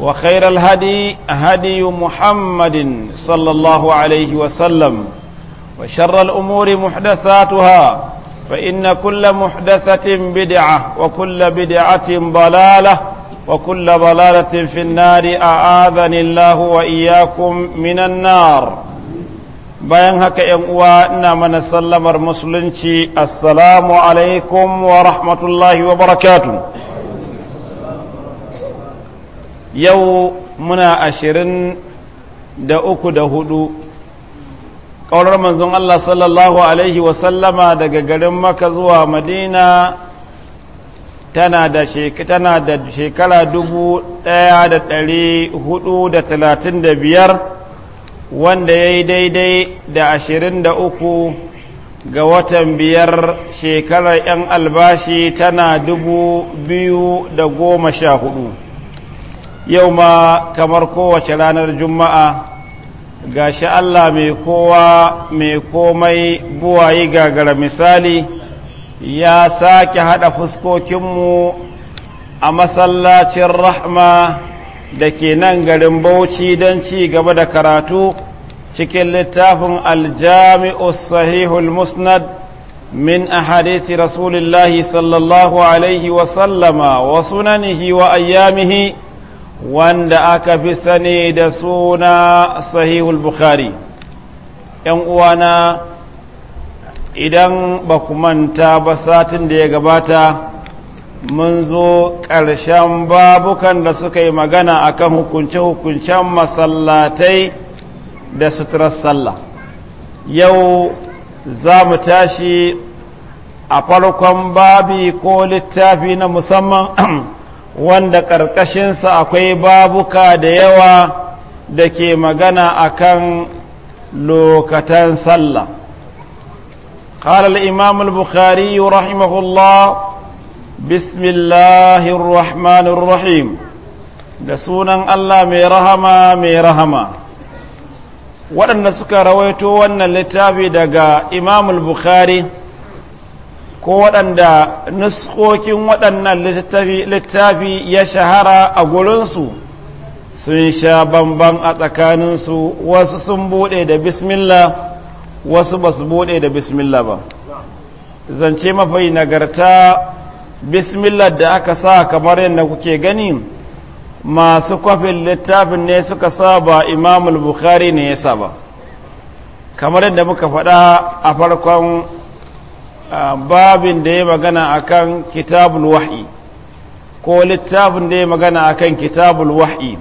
وخير الهدي هدي محمد صلى الله عليه وسلم وشر الأمور محدثاتها فإن كل محدثة بدعة وكل بدعة ضلالة وكل ضلالة في النار أعاذني الله وإياكم من النار bayan haka ‘yan uwa ina mana sallamar musulunci assalamu alaikum wa rahmatullahi wa barakatuh yau muna ashirin da uku da hudu ƙaurar manzon Allah sallallahu Alaihi wasallama daga garin maka zuwa madina tana da shekara dubu ɗaya da ɗari hudu da talatin da biyar wanda ya yi daidai da ashirin da uku ga watan biyar shekarar 'yan albashi tana dubu biyu da goma sha hudu yau ma kamar kowace ranar juma'a gashi Allah mai kowa mai komai buwayi gagara misali ya sake haɗa fuskokinmu a masallacin rahma da ke nan garin bauchi don ci gaba da karatu cikin littafin aljami'u sahihul musnad min ahadisi رسول sallallahu alaihi الله عليه وسلم wa ayyamihi wanda aka fi sani da suna sahihul bukhari ‘yan uwana idan ba ku manta ba satin da ya gabata mun zo ƙarshen babukan da suka yi magana akan hukunce-hukuncen masallatai da suturar sallah yau za mu tashi a farkon babi ko littafi na musamman Wanda ƙarƙashinsa akwai babuka da yawa da ke magana akan lokatan sallah. Qalar Imaamul-Bukhari yana rahmatan Allah. Bismillahir rahmanir rahim. Da sunan Allah mai rahama, mai rahama. Waɗanda suka rawaito wannan littafi daga Imaamul-Bukhari? ko waɗanda nuskokin waɗannan littafi ya shahara a gurinsu sun sha bamban a tsakaninsu wasu sun buɗe da bismillah wasu ba su buɗe da bismillah ba zance mafai nagarta bismillah da aka sa kamar yadda kuke gani masu kwafin littafin ne suka sa ba imamul bukhari ne ya sa ba kamar yadda muka faɗa a farkon babin da ya magana akan kitabul wahi ko littafin da ya magana akan kitabul wahi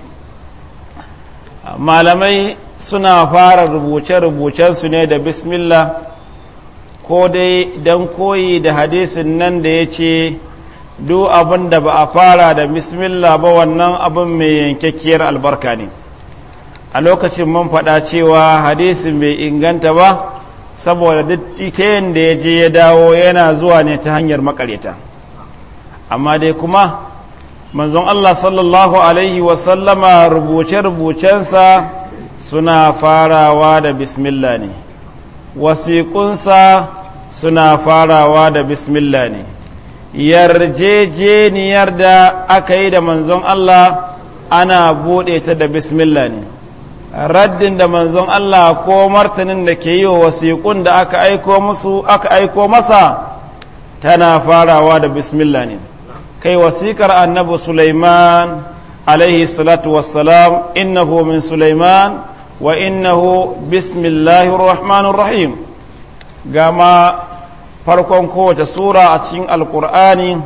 malamai suna fara rubuce-rubucensu ne da bismillah ko dai don koyi da hadisin nan da ya ce duk abin da ba a fara da bismillah ba wannan abin mai yankakkiyar albarka ne a lokacin man faɗa cewa hadisin bai inganta ba saboda duk ita yadda ya je ya dawo yana zuwa ne ta hanyar makareta amma dai kuma manzon Allah sallallahu alaihi wasallama rubuce-rubucensa suna farawa da bismillah ne wasiƙunsa suna farawa da bismillah ne yarjejeniyar da aka yi da manzon Allah ana buɗe ta da bismillah ne raddin da manzon Allah ko martanin da ke yi wa wasiƙun da aka aiko musu aka aiko masa tana farawa da bismillah ne kai wasiƙar annabi Sulaiman alaihi salatu wassalam innahu min Sulaiman wa innahu bismillahir rahmanir rahim gama farkon kowace sura a cikin alkur'ani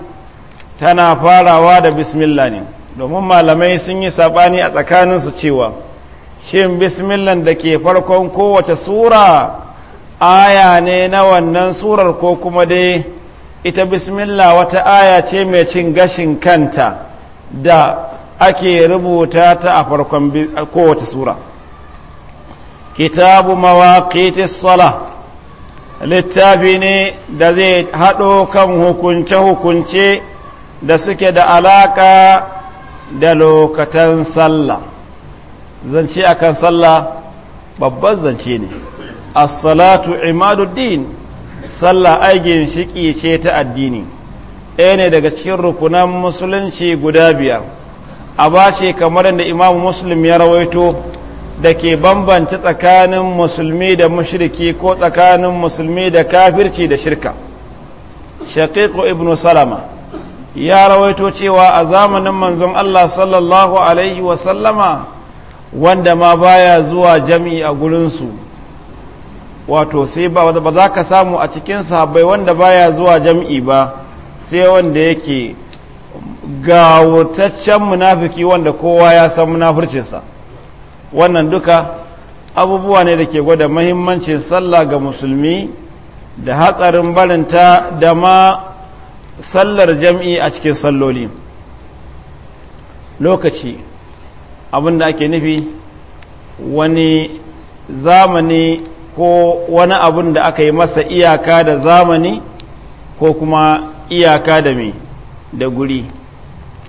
tana farawa da bismillah ne domin malamai sun yi saɓani a tsakaninsu cewa shin bismillah da ke farkon kowace sura aya ne na wannan surar ko kuma dai ita bismillah wata aya ce mai cin gashin kanta da ake rubuta ta a farkon kowace sura kitabu mawaƙitis sala littafi ne da zai haɗo kan hukunce-hukunce da suke da alaƙa da lokatan sallah zance akan sallah babban zance ne as-salatu imaduddin sallah aigin shiƙi ce ta addini ɗaya ne daga cikin rukunan musulunci guda biyar a ce kamar da imamu muslim ya rawaito da ke bambanta tsakanin musulmi da mushiriki ko tsakanin musulmi da kafirci da shirka shaqiqu ibnu salama ya rawaito cewa a zamanin manzon Allah sallallahu alaihi wasallama wanda ma baya zuwa jami'i a gurinsu wato sai ba za ka samu a cikin sahabbai wanda baya zuwa jami'i ba sai wanda yake gawataccen munafiki wanda kowa ya san munafircinsa wannan duka abubuwa ne da ke gwada mahimmancin sallah ga musulmi da hatsarin barinta da ma sallar jam'i a cikin salloli lokaci abin da ake nufi wani zamani ko wani abin da aka yi masa iyaka da zamani ko kuma iyaka da me da guri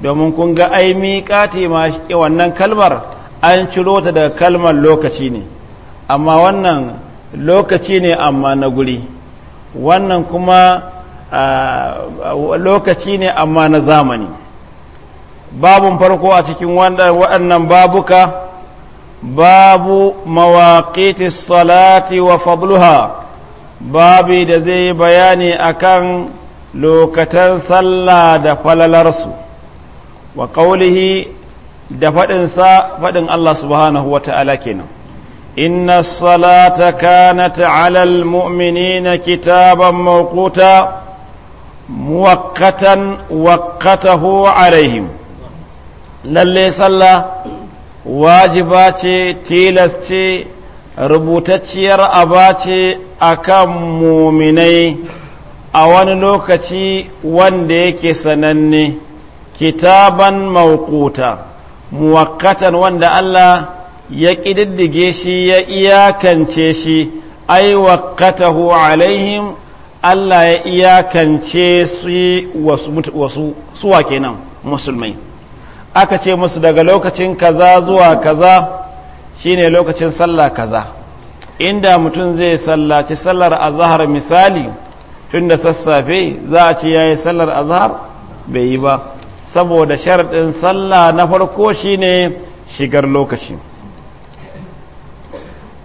domin kun ga ai miƙati ma wannan kalmar an ciro ta daga kalmar lokaci ne amma wannan lokaci ne amma na guri wannan kuma ah, lokaci ne amma na zamani babun farko a cikin waɗannan babuka babu mawaƙiti salati wa fadluha babi da zai bayani akan lokatan sallah da falalarsu wa ƙaulihi da faɗinsa faɗin Allah subhanahu wa ta'ala kenan inna salata kanata ala muminina kitaban mawquta muwaqqatan waqqatahu alaihim lalle sallah wajiba ce tilas ce rubutacciyar aba ce kan muminai a wani lokaci wanda yake sananne kitaban mawquta muwakkatan wanda Allah ya ƙididdige shi ya iyakance shi ai wakkatahu alaihim Allah ya iyakance su wasu suwa kenan musulmai aka ce musu daga lokacin kaza zuwa kaza shine lokacin sallah kaza inda mutum zai sallaci sallar azhar misali tun da sassafe za a ce yayi sallar azhar bai yi ba saboda sharaɗin sallah na farko shine shigar lokaci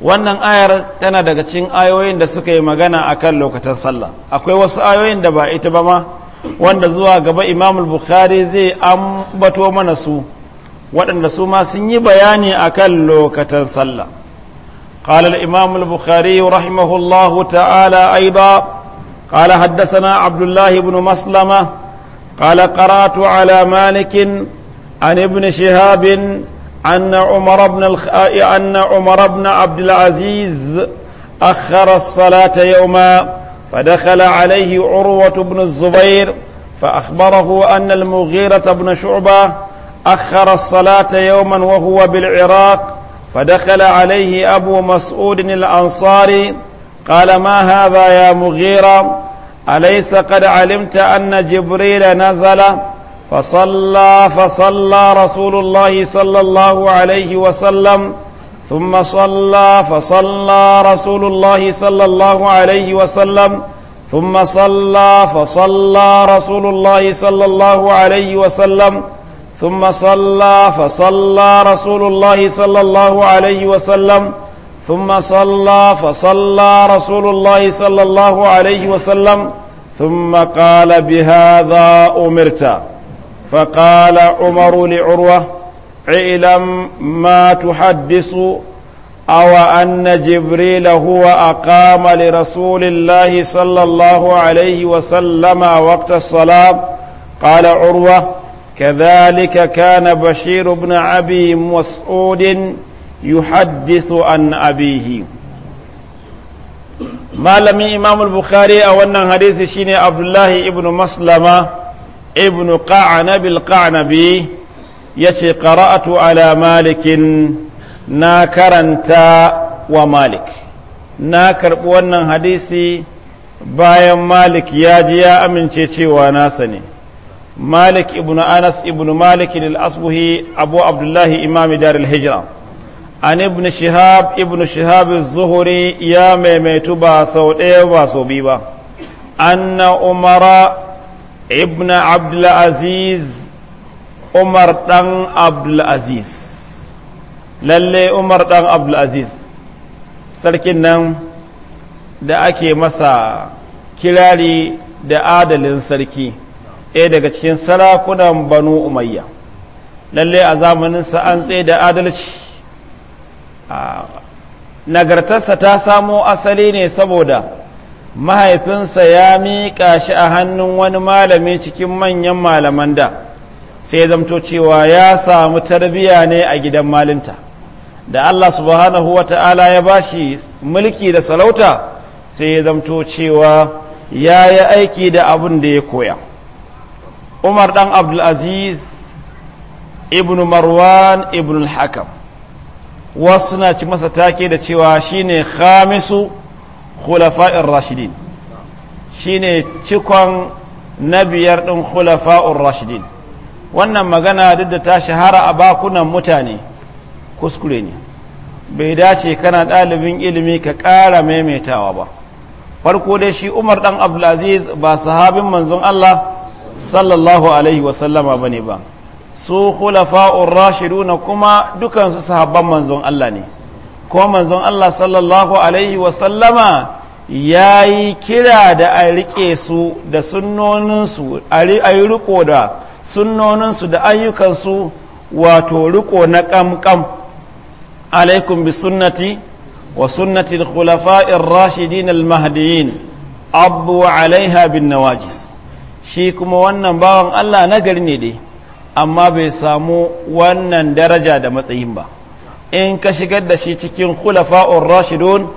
wannan ayar tana daga cikin ayoyin da suka yi magana akan lokacin sallah akwai wasu ayoyin da ba ita ba ma wanda zuwa gaba imam bukhari zai ambato mana su waɗanda su ma sun yi bayani akan lokacin sallah قال الإمام البخاري رحمه الله تعالى أيضا قال حدثنا عبد الله بن مسلمة قال قرأت على مالك عن ابن شهاب أن عمر بن الخ... أن عمر بن عبد العزيز أخر الصلاة يوما فدخل عليه عروة بن الزبير فأخبره أن المغيرة بن شعبة أخر الصلاة يوما وهو بالعراق فدخل عليه أبو مسعود الأنصاري قال ما هذا يا مغيرة أليس قد علمت أن جبريل نزل فصلى فصلى رسول الله صلى الله عليه وسلم ثم صلى فصلى رسول الله صلى الله عليه وسلم ثم صلى فصلى رسول الله صلى الله عليه وسلم ثم صلى فصلى رسول الله صلى الله عليه وسلم ثم صلى فصلى رسول الله صلى الله عليه وسلم ثم قال بهذا امرت فقال عمر لعروه اعلم ما تحدث أو أن جبريل هو أقام لرسول الله صلى الله عليه وسلم وقت الصلاة قال عروة كذلك كان بشير بن أبي مسعود يحدث عن أبيه malamin imam al-bukhari a wannan hadisi shine abdullahi ibn maslama ibn qa'anabi al-qa'anabi ya ce ƙara'atu ala malikin na karanta wa malik na karɓi wannan hadisi bayan malik ya ji ya amince cewa nasa ne malik ibn anas ibn malik al-asbuhi abu abdullahi Imami dar al-hijra an ibn shihab ibn shihab az-zuhri ya maimaitu ba sau ɗaya ba sau biyu ba anna umara ibn abdul aziz umar ɗan abdulaziz lalle umar ɗan abdulaziz sarkin nan da ake masa kirari da adalin sarki ɗaya daga cikin sarakunan banu umayya lalle a zamaninsa an tsaye da adalci nagartarsa ta samo asali ne saboda mahaifinsa ya miƙa shi a hannun wani malami cikin manyan malaman da sai zamto cewa ya samu tarbiya ne a gidan malinta da Allah subhanahu wa ta'ala ya shi mulki da salauta sai zamto cewa ya yi aiki da abin da ya koya umar ɗan abdulaziz ibn marwan ibn hakam wasu na ci masa take da cewa shine khamisu khulafa'ir rashidin shine cikon na biyar ɗin khulafa'ur rashidin wannan magana duk da ta shahara a bakunan mutane kuskure ne bai dace kana ɗalibin ilimi ka ƙara maimaitawa ba farko dai shi umar ɗan abdulaziz ba sahabin manzon allah sallallahu alaihi wasallama ba ne ba su khulafa'ur rashiduna kuma dukansu sahabban manzon allah ne ko manzon allah sallallahu alaihi wasallama ya yi kira da a riƙe su da sunnoninsu a yi riko da sunnoninsu da ayyukansu wato riko na ƙamƙam alaikum bi sunnati wa sunnati al-khulafa'ir rashidin al-mahdiyyin abu alaiha bin nawajis shi kuma wannan bawan Allah nagari ne dai amma bai samu wannan daraja da matsayin ba in ka shigar da shi cikin khulafa'ur rashidun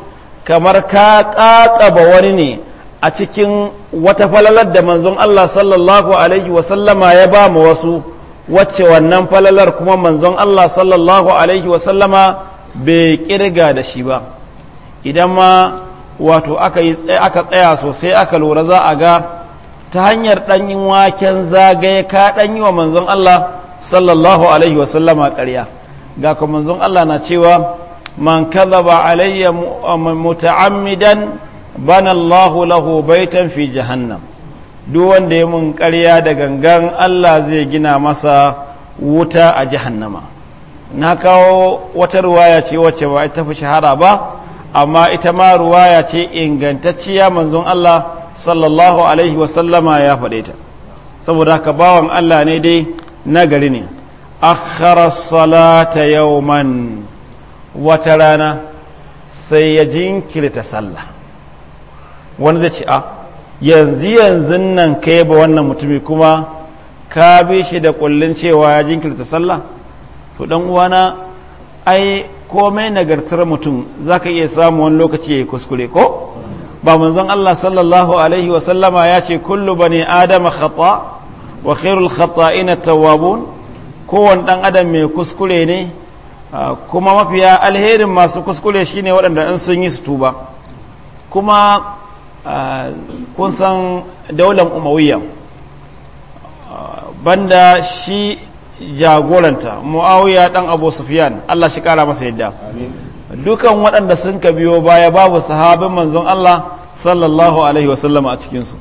kamar ka ƙaƙaba wani ne a cikin wata falalar da manzon Allah sallallahu alaihi wasallama ya ba mu wasu wacce wannan falalar kuma manzon Allah sallallahu alaihi wasallama bai kirga da shi ba idan ma wato aka tsaya sosai aka lura za a ga ta hanyar ɗanyin waken zagaye ka ɗanyi wa manzon Allah sallallahu alaihi wasallama ƙarya ga kuma manzon Allah na cewa man ba alayya muta'ammidan bana Allahu lahu baitan fi jahannam duk wanda ya mun ƙarya da gangan Allah zai gina masa wuta a jahannama na kawo wata ruwaya ce wacce ba ita fi shahara ba amma ita ma ruwaya ce ingantacciya manzon Allah sallallahu alaihi wasallama ya faɗe ta saboda haka bawan Allah ne dai nagari ne akhara salata yawman wata rana sai ya jinkirta sallah wani zai ce a yanzu yanzu nan ka ba wannan mutumi kuma ka bi shi da kullun cewa ya jinkirta sallah to dan uwana ai komai nagartar mutum za ka iya samu wani lokaci ya yi kuskure ko ba manzon Allah sallallahu alaihi wa sallama ya ce kullu bani adama khata wa khairul khata'in tawwabun kowane dan adam mai kuskure ne kuma mafiya alherin masu kuskure shine waɗanda in sun yi su tuba kuma kun san daular umawiyya banda shi jagoranta muawiya dan abu sufyan Allah shi kara masa yadda dukan waɗanda sun ka biyo baya babu sahabin manzon Allah sallallahu alaihi wasallama a cikinsu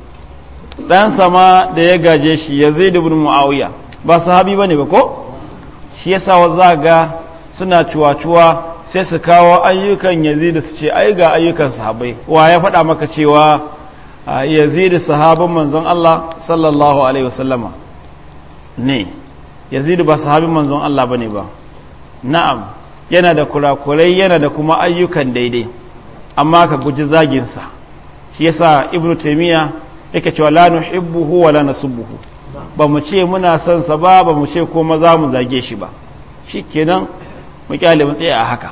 ɗan sama da ya gaje shi ya zai dubin mu'awiya ba sahabi ba ne ba ko shi ya sa suna cuwa-cuwa sai su kawo ayyukan yazidu su ce ai ga ayyukan sahabai wa ya faɗa maka cewa ah, yazidu sahabin manzon Allah sallallahu alaihi wasallama ne yazidu ba sahabin manzon Allah bane ba na'am yana da kurakurai yana da kuma ayyukan daidai amma ka guji zaginsa shi yasa ibnu taymiya yake cewa la nuhibbuhu wa la nasubbuhu ba mu ce muna son sa ba ba mu ce ko maza mu zage shi ba shi shikenan mu kyale mu tsaya a haka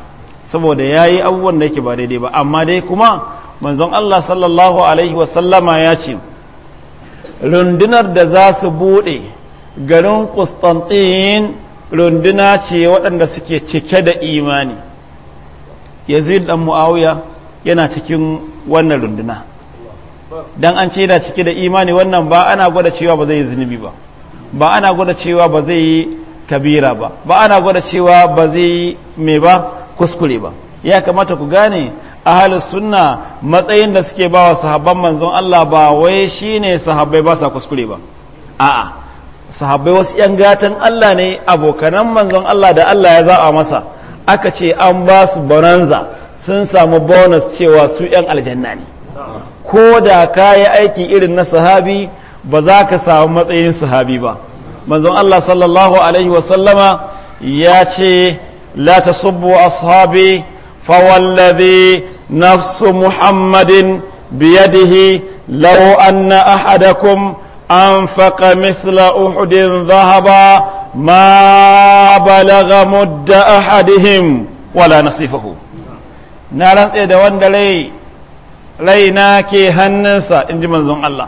saboda ya yi abubuwan da yake ba daidai ba amma dai kuma manzon Allah sallallahu alaihi wasallama ya ce rundunar da za su buɗe garin Kustantin runduna ce waɗanda suke cike da imani yazid dan mu'awiya yana cikin wannan runduna dan an ce yana cike da imani wannan ba ana gwada cewa ba zai yi zunubi ba ba ana gwada cewa ba zai yi kabira ba ba ana gwada cewa ba zai yi mai ba kuskure ba ya kamata ku gane ahal sunna matsayin da suke ba wa sahabban manzon Allah ba wai shine sahabbai ba sa kuskure ba a'a sahabbai wasu yan gatan Allah ne abokanan manzon Allah da Allah ya a masa aka ce an ba su bonanza sun samu bonus cewa su yan aljanna ne ko da ka yi aiki irin na sahabi ba za ka samu matsayin sahabi ba manzon Allah sallallahu alaihi wasallama ya ce لا تسبوا أصحابي فوالذي نفس محمد بيده لو أن أحدكم أنفق مثل أحد ذهبا ما بلغ مد أحدهم ولا نصيفه نارن إذا وند لي لينا كي هننسا إن منزون الله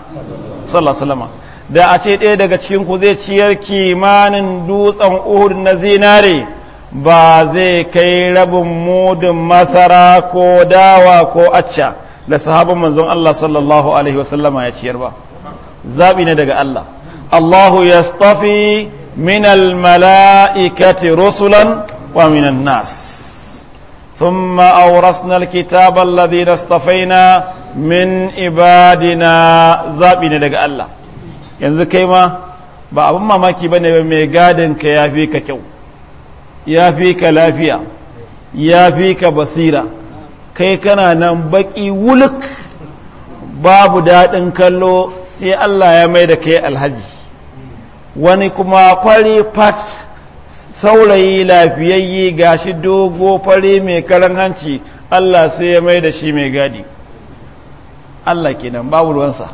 صلى الله عليه وسلم da a ce ɗaya daga cikinku zai ciyar kimanin dutsen uhud na zinare ba zai kai rabin mudun masara ko dawa ko acca da sahabin manzon Allah sallallahu alaihi wasallama ya ciyar ba zaɓi ne daga Allah Allahu ya stafi min mala'ikati rusulan wa minan nas ثم أورثنا الكتاب الذين ibadina. من ne daga Allah. Yanzu kai ma, ba abin mamaki bane mai gadin ka ya fi ka kyau ya fi ka lafiya ya fi ka basira kai kana nan baki wuluk babu daɗin kallo sai Allah ya mai da kai alhaji wani kuma fari fat saurayi lafiyayye gashi dogo fari mai karan hanci Allah sai ya mai da shi mai gadi Allah kenan babu ruwansa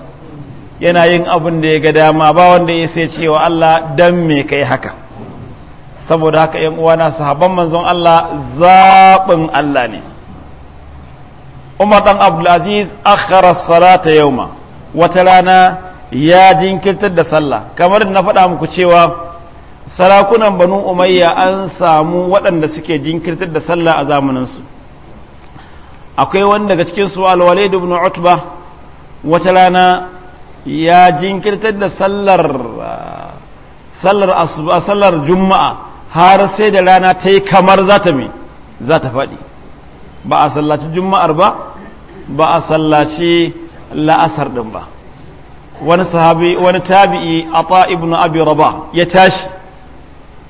yana yin abin da ya ga dama ba wanda ya sai cewa Allah dan me kai haka saboda haka yan uwana sahabban manzon Allah zaɓin Allah ne Umar dan Abdulaziz akhara salata yauma wata rana ya jinkirtar da sallah kamar na faɗa muku cewa sarakunan banu umayya an samu waɗanda suke jinkirtar da sallah a zamaninsu akwai wani daga cikinsu alwalid ibn utba wata rana ya jinkirtar da sallar sallar juma'a har sai da rana ta yi kamar za ta mai za ta faɗi ba a sallaci juma'ar ba ba a sallaci la'asar ɗin ba wani sahabi wani tabi'i ata ibnu abi raba ya tashi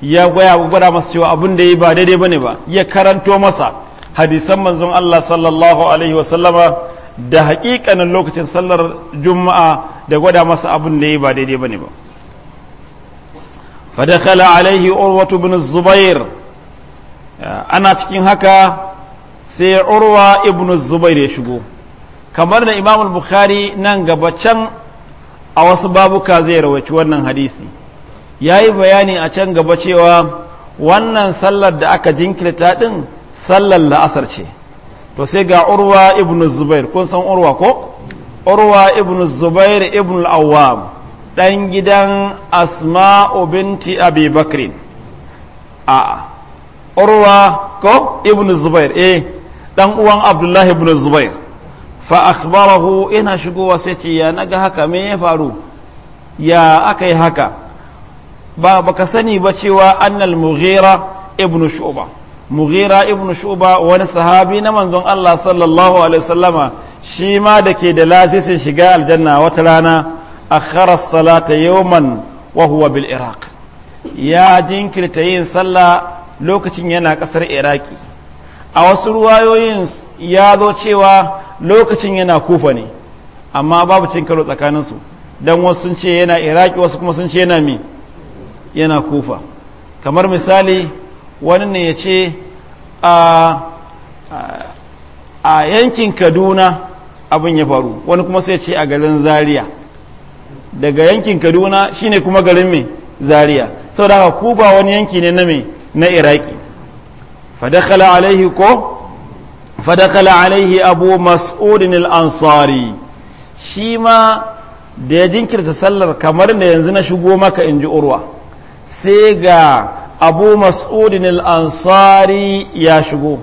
ya gwaya gwada masa cewa abin da ya yi ba daidai ba ne ba ya karanto masa hadisan manzon Allah sallallahu alaihi wa da hakikanin lokacin sallar juma'a da gwada masa abin da ya yi ba daidai ba ne ba فدخل عليه عروة بن ana cikin haka sai urwa Ibn ابن ya shigo. kamar da imam bukhari nan gaba can a wasu babuka zai rawaci wannan hadisi ya yi bayani a can gaba cewa wannan sallar da aka ta ɗin sallar la'asar ce to sai ga urwa ibn zubair kun san urwa ko urwa ibn zubair ibn al'awwam ɗan gidan asma'u binti abi bakrin a urwa ko ibn zubair eh ɗan uwan abdullahi ibn zubair fa akhbarahu ina shigowa sai ce ya naga haka me ya faru ya aka yi haka ba baka sani ba cewa annal mughira ibn shu'ba mughira ibn shu'ba wani sahabi na manzon Allah sallallahu alaihi wasallama shi ma da ke da lasisin shiga aljanna wata rana akhara salata yawman wa huwa bil iraq ya jinkirta yin sallah lokacin yana kasar iraki a wasu ruwayoyin ya zo cewa lokacin yana kufa ne amma babu cin karo tsakaninsu don wasu sun ce yana iraki wasu kuma sun ce yana mi yana kufa kamar misali wani ne ya ce a yankin kaduna abin ya faru wani kuma sai ce a garin zaria daga yankin kaduna shine kuma garin mai zaria saboda haka kuba wani yanki ne na mai na iraki fadakala alaihi ko fadakala alaihi abu mas'udin al'ansari ansari shi ma da ya jinkirta sallar kamar da yanzu na shigo maka in ji urwa sai ga abu mas'udin al'ansari ansari ya shigo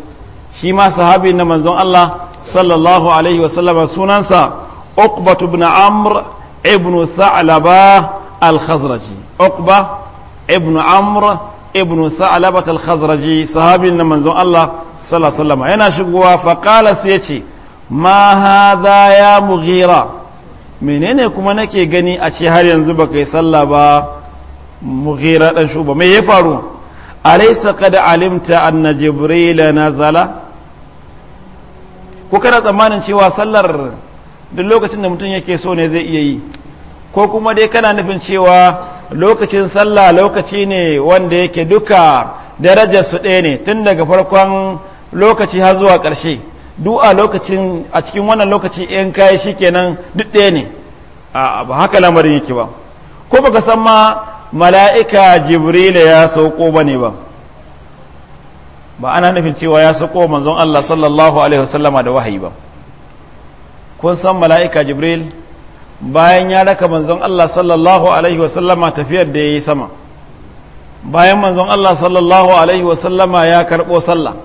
shi ma sahabi na manzon Allah sallallahu alaihi wasallama sunansa uqbatu ibn amr ibn sa'laba al-khazraji uqba ibn amr ibn sa'laba al-khazraji sahabin nan manzon Allah sallallahu alaihi yana shigowa fa qala sai yace ma hadha menene kuma nake gani a ce har yanzu baka yi sallah ba mughira dan shuba me ya faru alaysa qad alimta anna na zala? ko kana tsammanin cewa sallar duk lokacin da mutum yake so ne zai iya yi ko kuma dai kana nufin cewa lokacin sallah lokaci ne wanda yake duka darajar su ɗaya ne tun daga farkon lokaci har zuwa ƙarshe duk lokacin a cikin wannan lokaci in kai nan duk ɗaya ne a ba haka lamarin yake ba ko baka san ma mala'ika jibrila ya sauko bane ba ba ana nufin cewa ya sauko manzon Allah sallallahu alaihi wasallama da wahayi ba kun san mala'ika jibril bayan ya raka manzon Allah sallallahu alaihi wasallama tafiyar da ya yi sama bayan manzon Allah sallallahu alaihi wasallama ya karɓo sallah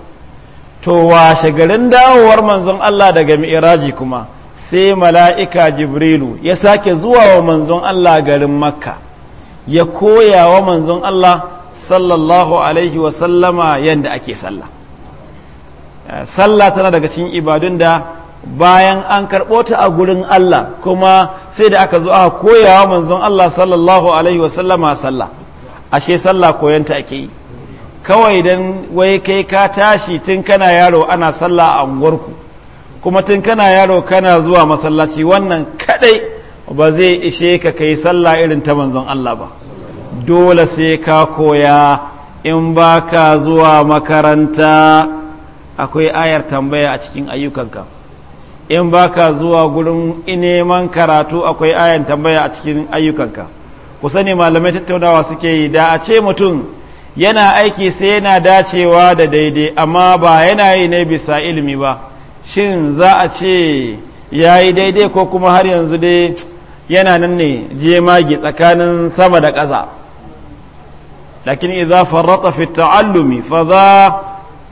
to washe garin dawowar manzon Allah daga mi'iraji kuma sai mala'ika jibrilu ya sake zuwa wa manzon Allah garin makka ya koya wa manzon Allah sallallahu alaihi wasallama yadda ake sallah eh, sallah tana daga cikin ibadun da bayan an karɓo ta a gurin Allah kuma sai da aka zo aka koyawa manzon Allah sallallahu alaihi wasallama sallah ashe sallah koyanta ake yi kawai dan wai kai ka tashi tun kana yaro ana sallah a unguwarku kuma tun kana yaro kana zuwa masallaci wannan kadai ba zai ishe ka kai sallah irin ta manzon Allah ba dole sai ka koya in ba ka zuwa makaranta akwai ayar tambaya a cikin ayyukanka in baka zuwa gurin neman karatu akwai ayan tambaya a cikin ayyukanka ku sani malamai tattaunawa suke yi da a ce mutum yana aiki sai yana dacewa da daidai amma ba yana yi ne bisa ilimi ba shin za a ce ya yi daidai ko kuma har yanzu dai yana nan ne magi tsakanin sama da ƙasa lakin idza farrata fi ta'allumi fa za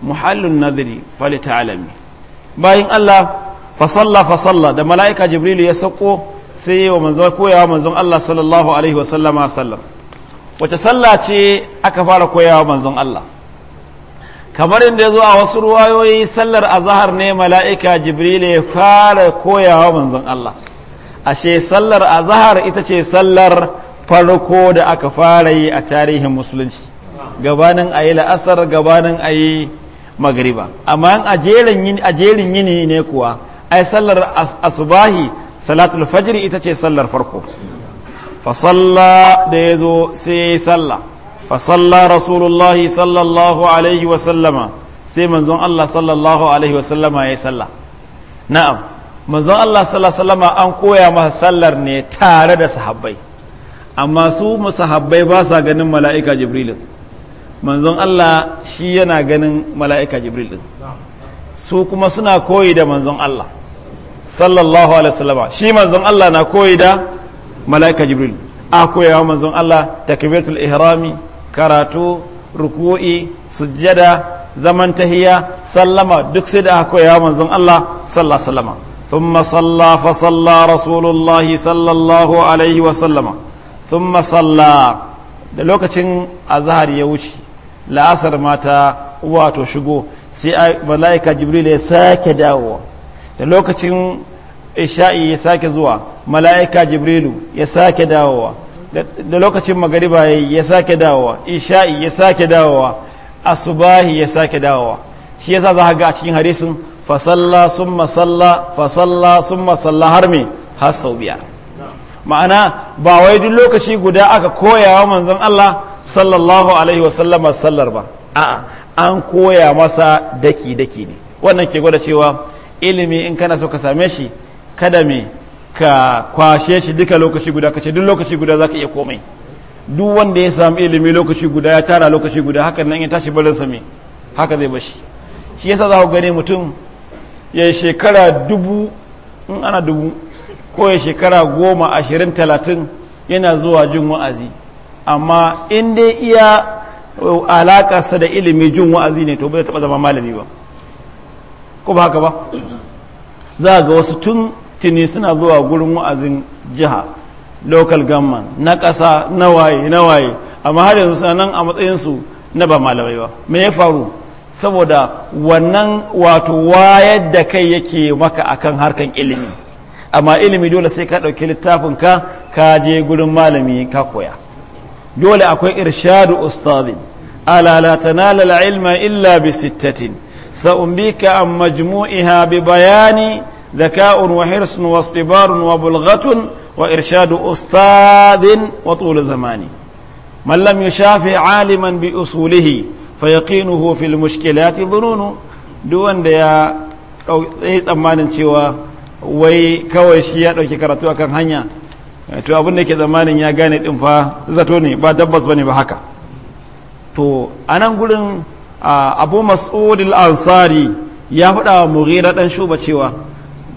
muhallun nadri fa li ta'lami bayin Allah fasalla fasalla da mala'ika jibrilu ya sako sai yi wa koyawa manzon Allah sallallahu alaihi wa sallama sallam wace salla ce aka fara koyawa manzon Allah kamar inda ya zo a wasu ruwayoyi sallar azahar ne mala'ika jibrilu ya fara koyawa manzon Allah ashe sallar azahar ita ce sallar farko da aka fara yi a tarihin musulunci gabanin a yi la'asar gabanin a yi magariba amma a jerin yini ne kuwa ai sallar asubahi salatul fajiri ita ce sallar farko fa da ya zo sai ya yi salla fa salla sallallahu alaihi wa sallama sai manzon Allah sallallahu alaihi wa sallama ya yi salla na'am manzon Allah sallallahu alaihi an koya masa sallar ne tare da sahabbai amma su musahabbai ba sa ganin mala'ika Jibril. manzon Allah shi yana ganin mala'ika jibril ɗin su kuma suna koyi da manzon Allah sallallahu alaihi wasallama shi manzon Allah na koyi da malaika jibril a koyawa manzon Allah takbiratul ihrami karatu ruku'i sujjada zaman tahiya sallama duk sai da aka koyawa manzon Allah sallallahu alaihi wasallama ثم صلى فصلى رسول الله صلى الله عليه وسلم ثم صلى da lokacin azhar ya wuce la'asar mata wato shigo sai mala'ika jibril ya sake dawowa da lokacin isha'i ya sake zuwa mala'ika jibrilu ya sake dawowa da lokacin magariba ya sake dawowa isha'i ya sake dawowa asubahi ya sake dawowa shi yasa za ga a cikin harisun fasalla sun masalla fasalla sun masalla har me har sau biyar ma'ana ba wai duk lokaci guda aka koya wa manzon Allah sallallahu alaihi wasallam sallar ba a'a an koya masa daki daki ne wannan ke gwada cewa ilimi in kana so ka same shi kada me ka kwashe shi duka lokaci guda ka ce duk lokaci guda za ka iya komai duk wanda ya samu ilimi lokaci guda ya tara lokaci guda hakan nan ya tashi barin sa me haka zai bashi shi yasa za ku gane mutum ya yi shekara dubu in ana dubu ko ya shekara goma ashirin talatin yana zuwa jin wa'azi amma in dai iya alakarsa da ilimi jin wa'azi ne to ba zai taɓa zama malami ba ko ba haka ba za ga wasu tun tuni suna zuwa gurin wa'azin jiha local government na ƙasa na waye na waye amma har yanzu suna nan a matsayinsu na ba malamai ba me ya faru saboda wannan wato wayar da kai yake maka akan harkar ilimi amma ilimi dole sai ka ɗauki littafin ka ka je gurin malami ka koya dole akwai irshadu ustazi ala la tanala ilma illa bi sittatin سأنبيك عن مجموعها ببيان ذكاء وحرص واصطبار وبلغة وإرشاد أستاذ وطول زمان من لم يشافي عالما بأصوله فيقينه في المشكلات ظنون دون ديا أو tsammanin cewa wai kawai shi ya ɗauki karatu a hanya to abin da ke ya gane ɗin fa zato ne ba tabbas ba ba haka to a nan gurin abu mas'ud al-ansari ya faɗa wa mughira dan shuba cewa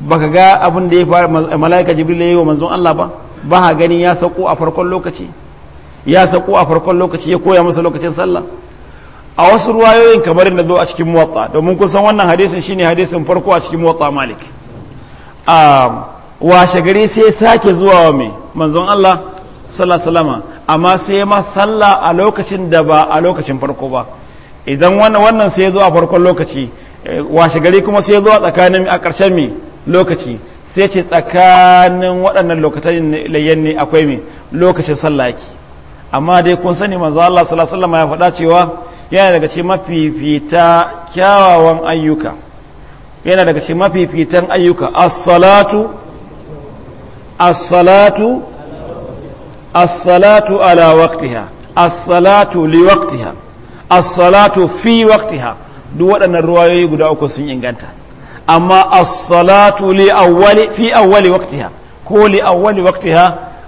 baka ga abin da ya fara mala'ika jibril ya yi wa manzon Allah ba ba ha gani ya sauko a farkon lokaci ya sauko a farkon lokaci ya koya masa lokacin sallah a wasu ruwayoyin kamar da zo a cikin muwatta domin kun san wannan hadisin shine hadisin farko a cikin muwatta malik a washe gari sai sake zuwa wa mai manzon Allah sallallahu alaihi amma sai ma sallah a lokacin da ba a lokacin farko ba idan wannan sai zo a farkon lokaci eh, washe gari kuma sai zo a tsakanin a ƙarshen mi lokaci sai ce tsakanin waɗannan lokacin layyan ne akwai mi lokacin sallaki amma dai kun sani manzo Allah sallallahu alaihi wasallam ya faɗa cewa yana daga cikin mafifita kyawawan ayyuka yana daga cikin mafifitan ayyuka as-salatu as-salatu as-salatu ala waqtiha as-salatu li waqtiha as-salatu fi waqtiha duk waɗannan ruwayoyi guda uku sun inganta amma as-salatu li awwali fi awwali waqtiha ko li awwali waqtiha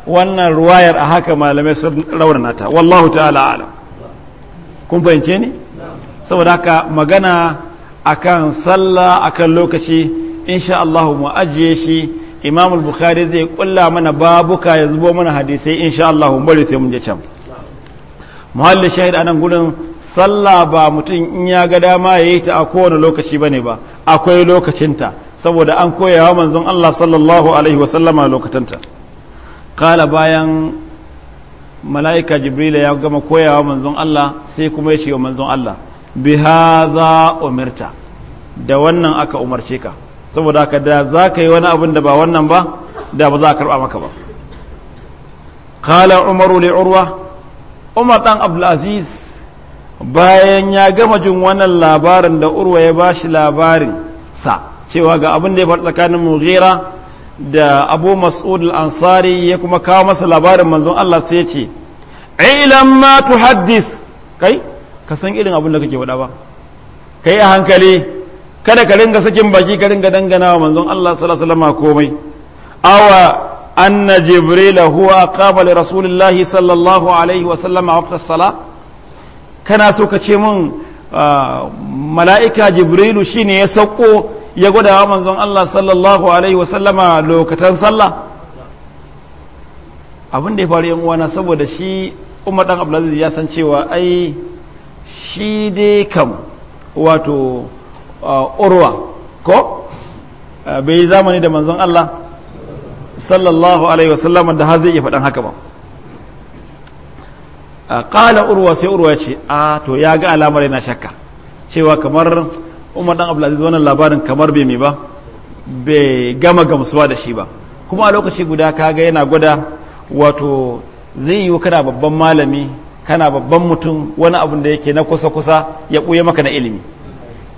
wannan ruwayar a haka malamai sun raunana wallahu ta'ala alam kun fahimce ni saboda haka magana akan sallah akan lokaci insha Allah mu ajiye shi Imam al-Bukhari zai kulla mana babuka ya zubo mana hadisai insha Allah mu bari sai mun je can muhallin shahid anan gurin sallah ba mutum in ya ga dama ya yi ta a kowane lokaci bane ba akwai lokacinta saboda an koyawa manzon Allah sallallahu alaihi wasallama lokacinta kala bayan mala'ika jibrila ya gama koyawa manzon Allah sai kuma ya ce wa manzon Allah bi hadha umirta da wannan aka umarce ka saboda haka da za ka yi wani abin da ba wannan ba da ba za a karba maka ba kala umaru li urwa umar ɗan abdulaziz bayan ya gama jin wannan labarin da urwa ya ba shi labarin sa cewa ga abin da ya faru tsakanin mughira da abu mas'ud al-ansari ya kuma kawo masa labarin manzon Allah sai ya ce ilan ma tuhaddis kai ka san irin abin da kake faɗa ba kai a hankali kada ka ringa sakin baki ka ringa dangana wa manzon Allah sallallahu alaihi wasallam komai awa anna jibril huwa qabala rasulillahi sallallahu alaihi wasallam waqta salat kana so ka ce min ah, mala'ika jibrilu ne ya sauko ya gwada wa manzon Allah sallallahu alaihi wasallama lokatan sallah abin da ya faru yan na saboda shi umar dan abdulaziz ya san cewa ai shi dai kam wato ah, urwa ko ah, bai yi zamani da manzon Allah sallallahu alaihi wasallama da har zai iya faɗan haka ba Ah, qala urwa sai urwa ya ce a ah, to ya ga alamar yana shakka cewa kamar umar dan abdulaziz wannan labarin kamar bai mai ba bai gama gamsuwa da shi ba kuma a lokaci guda ka ga yana gwada wato zai yi kana babban malami kana babban mutum wani abun da yake na kusa kusa ya ɓuya maka na ilimi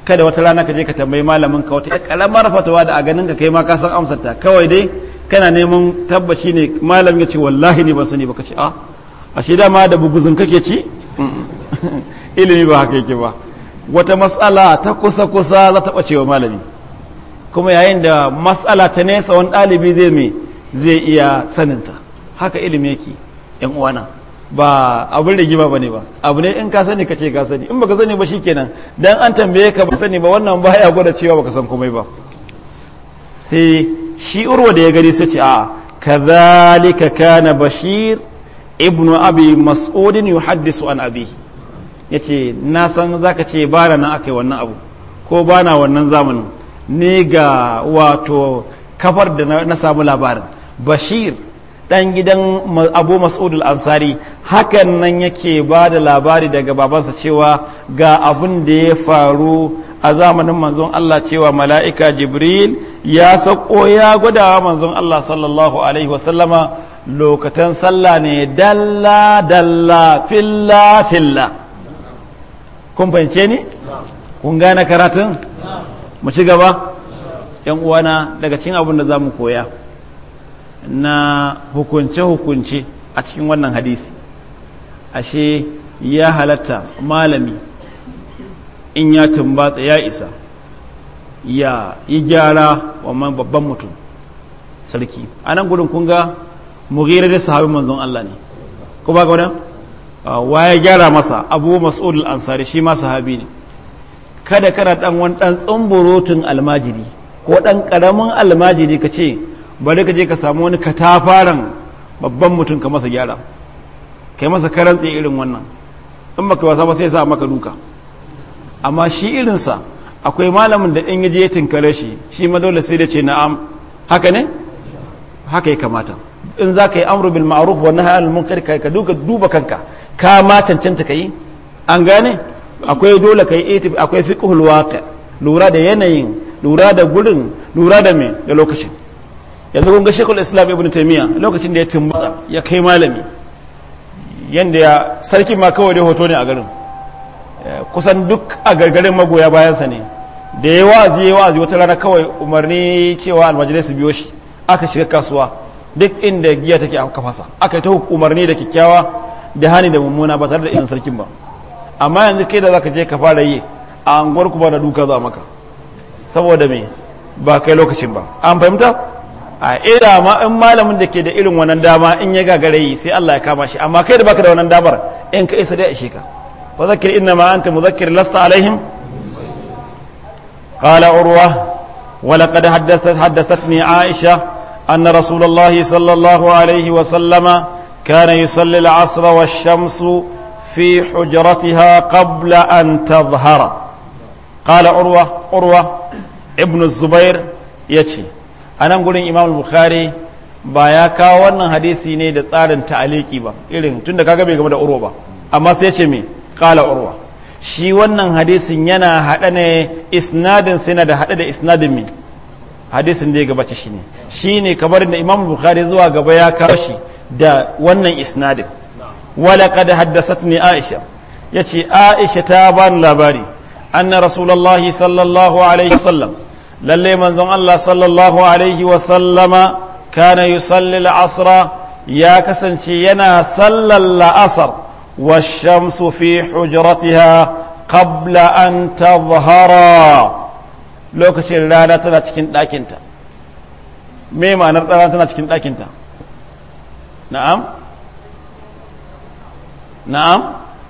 kada wata rana ka je ka tambayi malamin ka wata karamar fatawa da a ganin ka kai ma ka san amsar ta kawai dai kana neman tabbaci ne malamin ya ce wallahi ne ban sani ba ka ce a ah, a ashe dama da buguzun kake ci ilimi ba haka yake ba wata matsala ta kusa-kusa za ta ɓace malami kuma yayin da matsala ta nesa wani ɗalibi zai mai zai iya saninta haka ilimi yake yan uwana ba abin da gima ba ne ba abu ne in ka sani ka ce ka sani in baka sani ba shi kenan dan an tambaye ka ba sani ba wannan baya gwada cewa baka san komai ba sai shi urwa da ya gani sai ce a kadhalika kana bashir ibnu abi mas'udin yuhaddisu an abi yace na san zaka ce ba na nan akai wannan abu ko ba na wannan zamanin ne ga wato kafar da na samu labarin bashir dan gidan abu mas'ud al-ansari hakan nan yake ba da labari daga babansa cewa ga abin da ya faru a zamanin manzon Allah cewa mala'ika jibril ya sako ya gwadawa manzon Allah sallallahu alaihi wasallama lokatan sallah ne dalla dalla filla filla kun fahimce ni kun gane karatun mu ci gaba yan uwana daga cin abin da za mu koya na hukunce-hukunce a cikin wannan hadisi ashe ya halatta malami in ya tumbatsa ya isa ya yi gyara wa babban mutum sarki a nan gudun kunga mughira da sahabin manzon Allah ne ko ba ga ah, wa ya gyara masa abu mas'ud ansari shi ma sahabi ne kada kana dan wani dan tsumburutun almajiri ko dan karamin almajiri ka ce bari ka je ka samu wani katafaren babban mutum ka masa gyara kai masa karantsi irin wannan in baka wasa ba sai sa maka duka amma shi irinsa akwai malamin da in yaje ya tinkare shi shi ma dole sai da ce na'am haka ne haka ya kamata in za ka yi amuru bil ma'aruf wa nahi anil munkar kai ka duka duba kanka ka ma cancanta kai an gane akwai dole kai itib akwai fiqhul waqi lura da yanayin lura da gurin lura da me da lokacin yanzu kun ga shekul islam ibn taymiya lokacin da ya tumbatsa ya kai malami yadda ya sarki ma kawai dai hoto ne a garin kusan duk a gargarin magoya bayansa ne da ya wazi ya wata rana kawai umarni cewa almajirai su biyo shi aka shiga kasuwa duk inda giya take a kafasa, aka yi ta umarni da kyakkyawa da hani da mummuna ba tare da izin sarkin ba amma yanzu kai da za ka je ka fara yi a anguwar ku ba da duka za maka saboda me ba kai lokacin ba an fahimta a ira eh, ma in malamin da ke da irin wannan dama in ya gagare yi sai Allah ya kama shi amma kai da baka da wannan damar in ka isa dai a sheka wa zakir inna ma anta muzakkir lasta alaihim qala urwa wa laqad haddathat haddathatni aisha أن رسول الله صلى الله عليه وسلم كان يصلي العصر والشمس في حجرتها قبل أن تظهر قال عروة عروة ابن الزبير يتشي أنا أقول إمام البخاري ba ya kawo wannan hadisi ne da tsarin ta'aliki ba irin tunda kaga bai game da urwa ba amma sai ce me qala urwa shi wannan hadisin yana hada ne isnadin Sina da hada da isnadin me hadisin da ya gabata shi ne shi ne kamar da imam bukhari zuwa gaba ya kawo shi da wannan isnadin walaƙad haddasat ne aisha yace aisha ta ba ni labari anna na sallallahu alaihi wasallam lalle manzon allah sallallahu alaihi wasallama kana yusalli al'asra ya kasance yana sallar la'asar wa shamsu fi hujratiha qabla an tazhara lokacin rana tana cikin ɗakinta me ma'anar rana tana cikin ɗakinta na'am na'am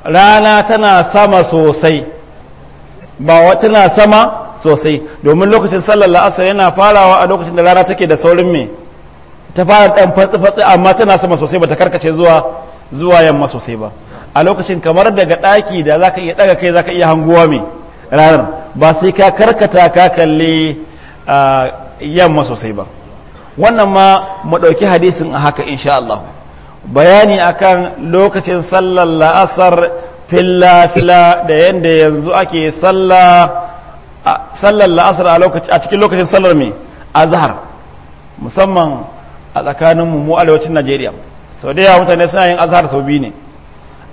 rana tana sama sosai ba wata na sama sosai domin lokacin sallar la'asar yana farawa a lokacin da rana take da saurin me ta fara ɗan fatsi-fatsi amma tana sama sosai ba ta karkace zuwa zuwa yamma sosai ba a lokacin kamar daga ɗaki da za ka iya ɗaga kai za ka iya hanguwa mai ranar ba sai ka karkata ka kalli yamma sosai ba wannan ma mu ɗauki hadisin a haka insha Allah bayani akan lokacin sallar la'asar filla-fila da yadda yanzu ake sallar la'asar a cikin lokacin sallar mai azhar musamman a tsakanin mu arewacin najeriya sau da yawa mutane suna yin azhar sau biyu ne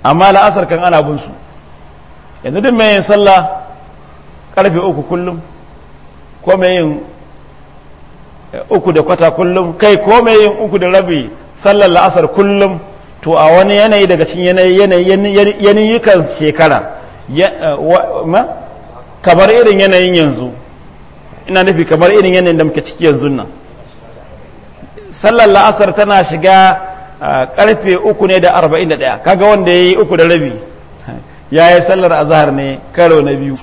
amma la'asar kan ana bunsu yanzu duk mai yin sallah karfe uku kullum ko mai yin eh, uku da kwata kullum kai ko mai yin uku da rabi sallar la'asar kullum to a wani yanayi daga cin yanayi yanayikan shekara eh, kamar irin yanayin yanzu ina nufi kamar irin yanayin da muke ciki yanzu nan sallar la'asar tana shiga eh, karfe uku ne da arba'in da ɗaya kaga wanda ya yi uku da rabi ya yi sallar azahar ne karo na biyu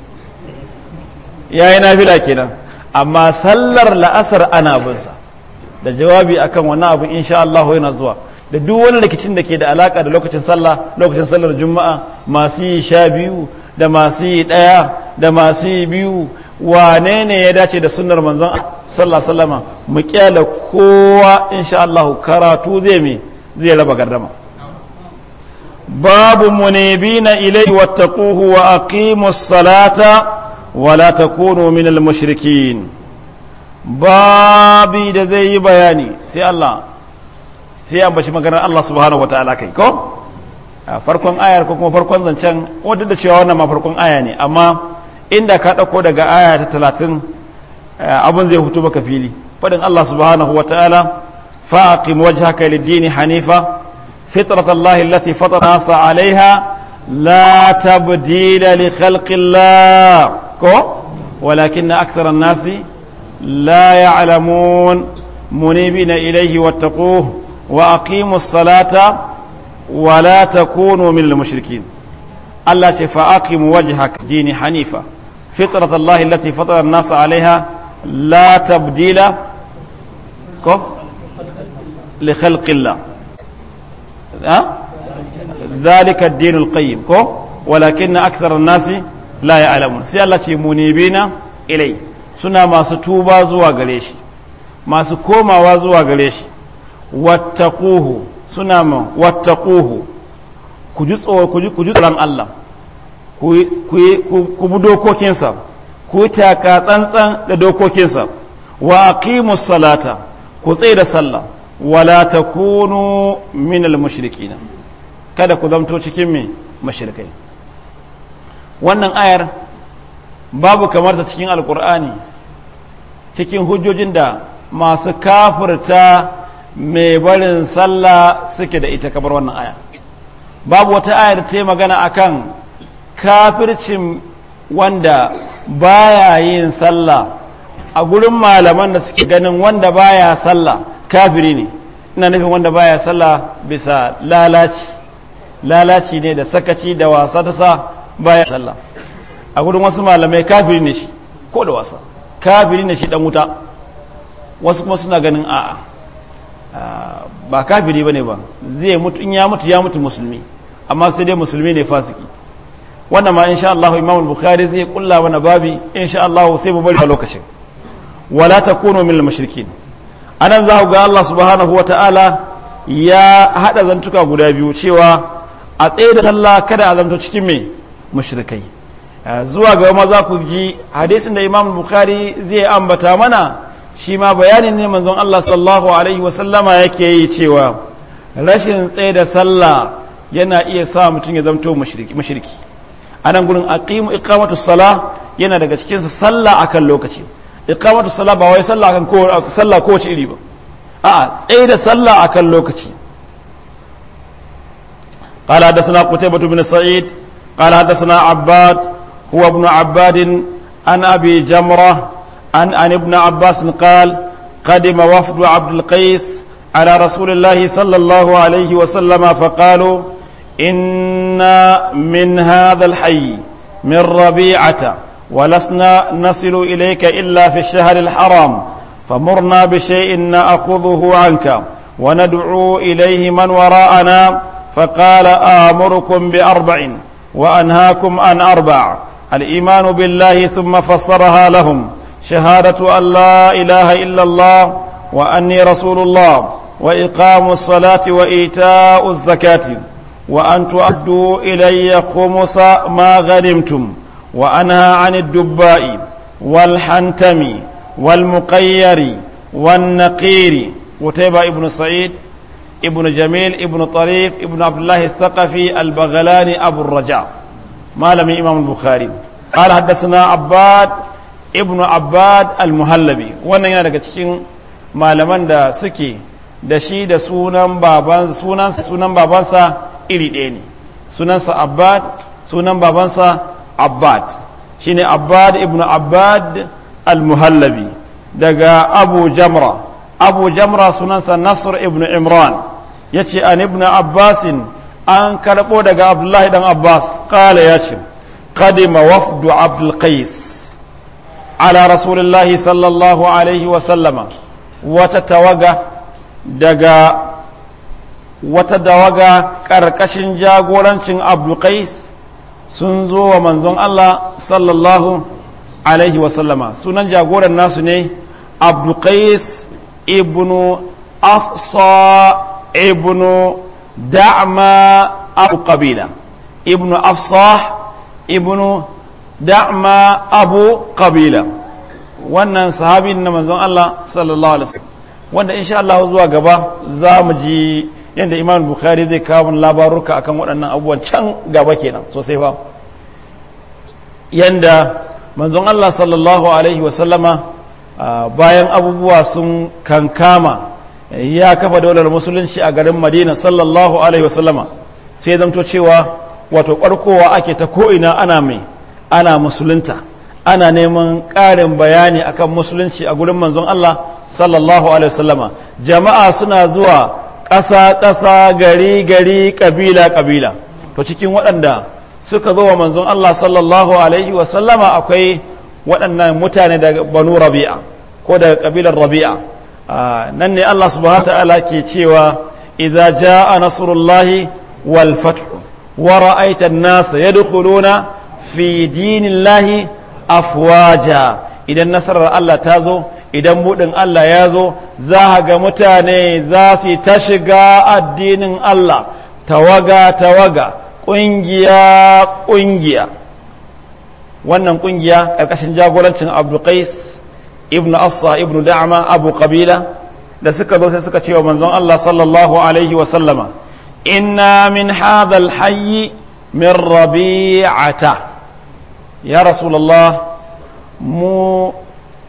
ya yi nafila kenan amma sallar la'asar ana binsa da jawabi akan wani abu insha Allah yana zuwa da duk wani rikicin da ke da alaka da lokacin sallah lokacin sallar juma'a masu yi sha biyu da masu yi ɗaya da masu yi biyu wane ne ya dace da sunnar manzon sallah sallama mu kyala kowa insha Allah karatu zai me zai raba gardama babu munibina ilai wattaquhu wa aqimus salata wala takunu minal mushrikin Babida zai yi bayani sai Allah sai ya bashi maganar Allah subhanahu wataala kai ko farkon ayar ko kuma farkon zancen wadda da cewa wannan ma farkon aya ne amma inda ka ɗauko daga aya ta talatin abin zai hutu baka fili faɗin Allah subhanahu wa ta'ala fa'aqim wajhaka lid-dini hanifa fitrat Allah allati fatara nasa 'alayha la tabdila li khalqillah ko walakin aktharan nasi la ya'lamun munibina ilayhi wa salata wa la min mushrikin Allah ce fa aqim wajhak dini hanifa fitrat Allah allati fatara an-nas 'alayha la tabdila ko li ha la alamu sai Allah ce munibina ilai suna masu tuba zuwa gare shi masu komawa zuwa gare shi wattaquhu suna ma wattaquhu ku ji tsoron Allah ku bi dokokinsa ku taka tsantsan da dokokinsa wa aqimus salata ku tsaye da sallah wala takunu minal mushrikin kada ku zamto cikin me wannan ayar babu kamar ta cikin alkur'ani cikin hujjojin da masu kafirta mai barin sallah suke da ita kamar wannan aya babu wata ayar ta yi magana akan kafircin wanda baya yin sallah a gurin malaman da suke ganin wanda baya sallah kafiri ne ina nufin wanda baya sallah bisa lalaci lalaci ne da sakaci da wasa ta sa baya sallah a gudun wasu malamai kafiri ne shi ko da wasa kafiri ne shi dan wuta wasu kuma suna ganin a'a ba kafiri bane ba zai mutu in ya mutu ya mutu musulmi amma sai dai musulmi ne fasiki wannan ma insha Allah Imam Bukhari zai kulla mana babi insha Allah sai mu bari a lokacin wala takunu minal mushrikin anan za ku ga Allah subhanahu ta'ala ya hada zantuka guda biyu cewa a tsaye da sallah kada a zanto cikin mai. mushrikai ah, zuwa ga maza ku ji hadisin da imam bukhari zai ambata mana shi ma bayanin ne manzon Allah sallallahu alaihi wasallama yake yi cewa rashin tsaye da sallah yana iya sa mutum ya zamto mushriki anan gurin aqimu iqamatu sala yana daga cikin sa sallah akan lokaci iqamatu sala ba wai sallah akan ko sallah ko wace iri ba a'a tsaye da sallah akan lokaci da sana qutaybah bin sa'id. قال حدثنا عباد هو ابن عباد عن أبي جمرة عن أن ابن عباس قال قدم وفد عبد القيس على رسول الله صلى الله عليه وسلم فقالوا إنا من هذا الحي من ربيعة ولسنا نصل إليك إلا في الشهر الحرام فمرنا بشيء نأخذه عنك وندعو إليه من وراءنا فقال آمركم بأربع وأنهاكم عن أربع الإيمان بالله ثم فسرها لهم شهادة أن لا إله إلا الله وأني رسول الله وإقام الصلاة وإيتاء الزكاة وأن تؤدوا إلي خمس ما غنمتم وأنهى عن الدباء والحنتم والمقير والنقير وتيبا ابن سعيد ibnu jamil ibnu tarif ibnu abdullahi thaqafi al-baghlani abu raja malam imam al-bukhari qala haddathana abbad ibnu abbad al-muhallabi wannan yana daga cikin malaman da suke da shi da sunan sunan babansa iri ɗaya ne sunansa abbad sunan babansa abbad shine abbad ibnu abbad al-muhallabi daga abu jamra abu jamra sunansa nasr ibnu imran ya ce an ibn abbasin an karɓo daga abdullahi dan abbas kala ya ce kadima wafdu abdulkais ala rasulullahi sallallahu alaihi wasallama wata tawaga daga wata dawaga ƙarƙashin jagorancin abdulkais sun zo wa manzon allah sallallahu alaihi wasallama sunan jagoran nasu ne abdulkais ibn afsa ibnu da'ma abu qabila ibnu afsah ibnu da'ma abu qabila wannan sahabin na manzon Allah الله عليه وسلم wanda ان Allah zuwa gaba za mu ji yadda Imam Bukhari zai kawo labaruka akan waɗannan abubuwan can gaba kenan sosai fa yanda manzon Allah sallallahu alaihi wasallama ah, bayan abubuwa sun kankama ya kafa daular musulunci a garin madina sallallahu alaihi wasallama sai zamto cewa wato ƙwarkowa ake ta ko'ina ana mai ana musulunta ana neman ƙarin bayani akan musulunci a gurin manzon Allah sallallahu alaihi wasallama jama'a suna zuwa ƙasa-ƙasa gari-gari ƙabila-ƙabila to cikin waɗanda suka zo wa manzon Allah sallallahu alaihi wasallama akwai waɗannan mutane daga banu rabi'a ko daga ƙabilar rabi'a Ah, nan ne Allah subhanahu ta'ala ke cewa idza jaa nasrullahi wal fath wa ra'aita an-nasa yadkhuluna fi dinillahi afwaja idan nasarar Allah ta zo idan buɗin Allah ya zo za ga mutane za su ta shiga addinin Allah tawaga tawaga ƙungiya ƙungiya wannan ƙungiya ƙarƙashin jagorancin Abdul abdulkais ibnu afsa ibnu da'ama abu qabila da suka zo sai suka ce wa manzon Allah sallallahu alaihi wa sallama inna min hadha alhayy min rabi'ata ya rasulullah mu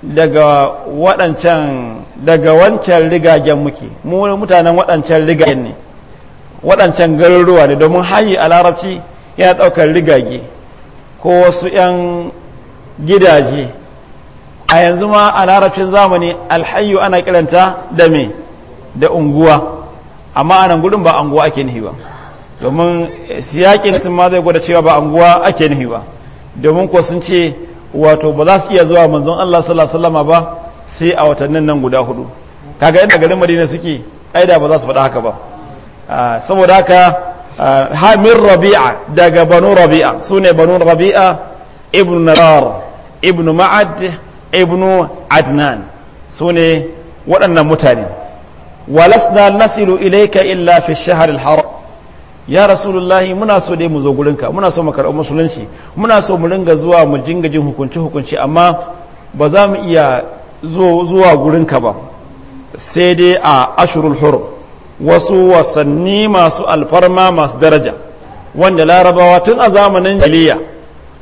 daga wadancan daga wancan rigajen muke mu mutanen wadancan rigajen ne wadancan garuruwa ne domin hayi a larabci yana ɗaukar rigage ko wasu 'yan gidaje a yanzu ma a larabcin zamani alhayu ana kiranta da me da unguwa amma anan gudun ba anguwa ake nihi ba domin siyakin sun ma zai gwada cewa ba anguwa ake nihi ba domin ko sun ce wato ba za su iya zuwa manzon Allah sallallahu alaihi wasallam ba sai a watannin nan guda hudu kaga inda garin Madina suke aida ba za su faɗa haka ba saboda haka hamir rabi'a daga banu rabi'a sune banu rabi'a ibn narar ibn ma'ad ibnu adnan su ne waɗannan mutane walasna nasilu ilaika illa fi shahar haram ya rasulullahi muna so dai mu zo gurinka muna so mu karɓi musulunci muna so mu ringa zuwa mu jinga jin hukunci hukunci amma ba za mu iya zuwa gurinka ba sai dai a ashirul hur wasu wasanni masu alfarma masu daraja wanda larabawa tun a zamanin jaliya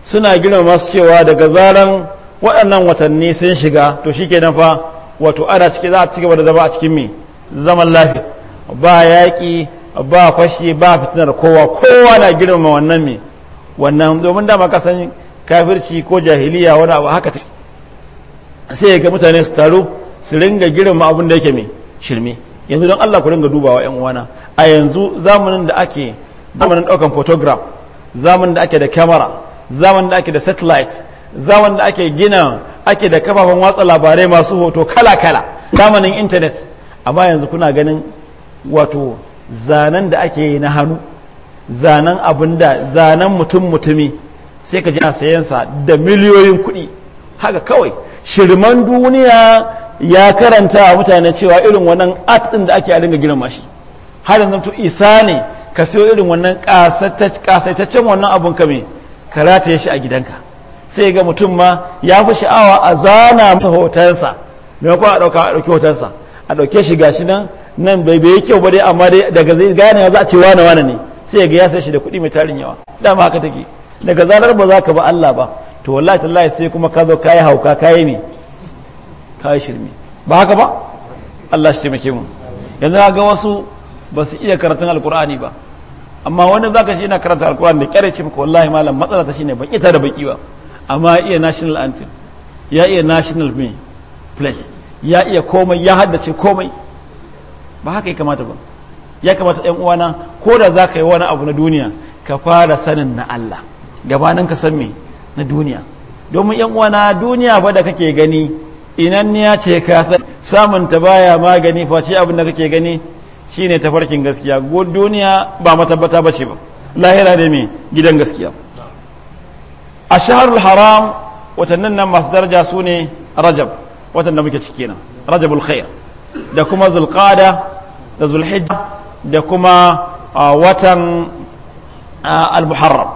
suna girma masu cewa daga zaran waɗannan watanni sun shiga to shi ke nan fa wato ana ciki za a ci gaba da zama a cikin mi zaman lafiya ba yaƙi ba kwashi ba fitinar kowa kowa na girmama wannan mi wannan domin dama kasan kafirci ko jahiliya wani abu haka take sai ga mutane su taru su ringa girmama abin da yake mi shirme yanzu don Allah ku ringa dubawa yan uwana a yanzu zamanin da ake zamanin daukan photograph zamanin da ake da camera zamanin da ake da satellite zaman da ake gina ake da kafafen watsa labarai masu hoto kala-kala zamanin intanet amma yanzu kuna ganin wato zanen da ake yi na hannu zanen abin da zanen mutum-mutumi sai ka ji sayensa sayansa da miliyoyin kuɗi haka kawai shirman duniya ya karanta mutane cewa irin wannan atin ɗin da ake a dinga girma shi har yanzu to isa ne ka siyo irin wannan kasaitaccen wannan abun ka me ka rataye shi a gidanka sai ga mutum ma ya fi sha'awa a zana masa hotonsa maimakon a ɗauka a ɗauki hotonsa a ɗauke shi gashi nan nan bai bai kyau ba dai amma dai daga zai gane za a ce wane wane ne sai ga ya sai shi da kuɗi mai tarin yawa dama haka take daga zarar ba za ka ba Allah ba to wallahi tallahi sai kuma ka zo ka yi hauka ka yi me ka yi shirme ba haka ba Allah shi taimake mu yanzu ga wasu ba su iya karatun alkur'ani ba amma wani zaka shi yana karanta alkur'ani da kyare ce maka wallahi malam matsala ta shine ban ita da baki ba amma iya national anthem ya iya national me play ya iya komai ya haddace komai ba haka ya kamata ba ya kamata ɗan uwana ko da za ka yi wani abu na duniya ka fara sanin na Allah gabanin ka san me na duniya domin yan uwana duniya ba da kake gani tsinanniya ce ka san samun ta baya magani face abin da kake gani shine tafarkin gaskiya go duniya ba matabbata bace ba lahira ne me gidan gaskiya a shaharul haram watannin nan masu daraja su ne rajab da muke ciki nan rajabul khair da kuma zulqada da zulhijja da kuma watan al-muharram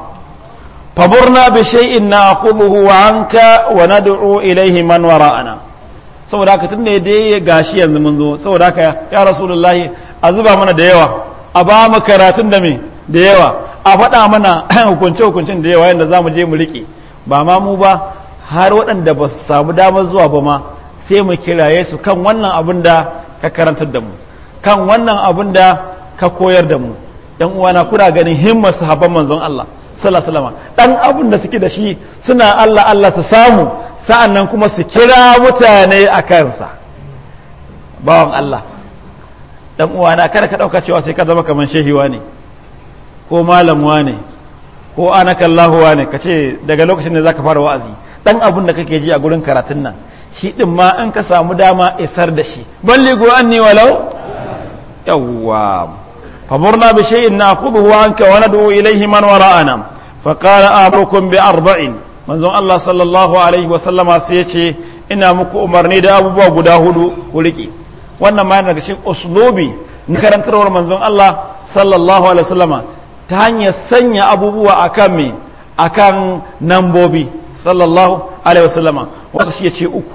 faburna bi shay'in na'khudhuhu anka wa nad'u ilayhi man wara'ana saboda haka tunda dai ya gashi yanzu mun zo saboda haka ya rasulullahi a zuba mana da yawa a ba mu karatun da me da yawa a faɗa mana hukunce-hukuncen da yawa yadda za mu je mu riƙe ba ma mu ba har waɗanda ba su samu damar zuwa ba ma sai mu kiraye su kan wannan abin da ka karantar da mu kan wannan abin da ka koyar da mu ɗan uwana kuna ganin himma su haɓar manzon Allah sallallahu alaihi wasallam ɗan abin da suke da shi suna Allah Allah su samu nan kuma su kira mutane a kansa bawan Allah ɗan uwana kada ka ɗauka cewa sai ka zama kamar shehiwa ne ko malam wane ko anakallahu wane ka ce daga lokacin da zaka fara wa'azi dan abun da kake ji a gurin karatun nan shi din ma in ka samu dama isar da shi balligo anni walau yawwa murna bi shay'in na'khudhu anka wa nad'u ilayhi man wara'ana fa qala abukum bi arba'in manzon Allah sallallahu alaihi wa sallama sai yace ina muku umarni da abubuwa guda hudu ku wannan ma daga cikin uslubi na karantarwar manzon Allah sallallahu alaihi wa sallama ta hanyar sanya abubuwa akan me akan nambobi sallallahu alaihi wasallama wani shi ya ce uku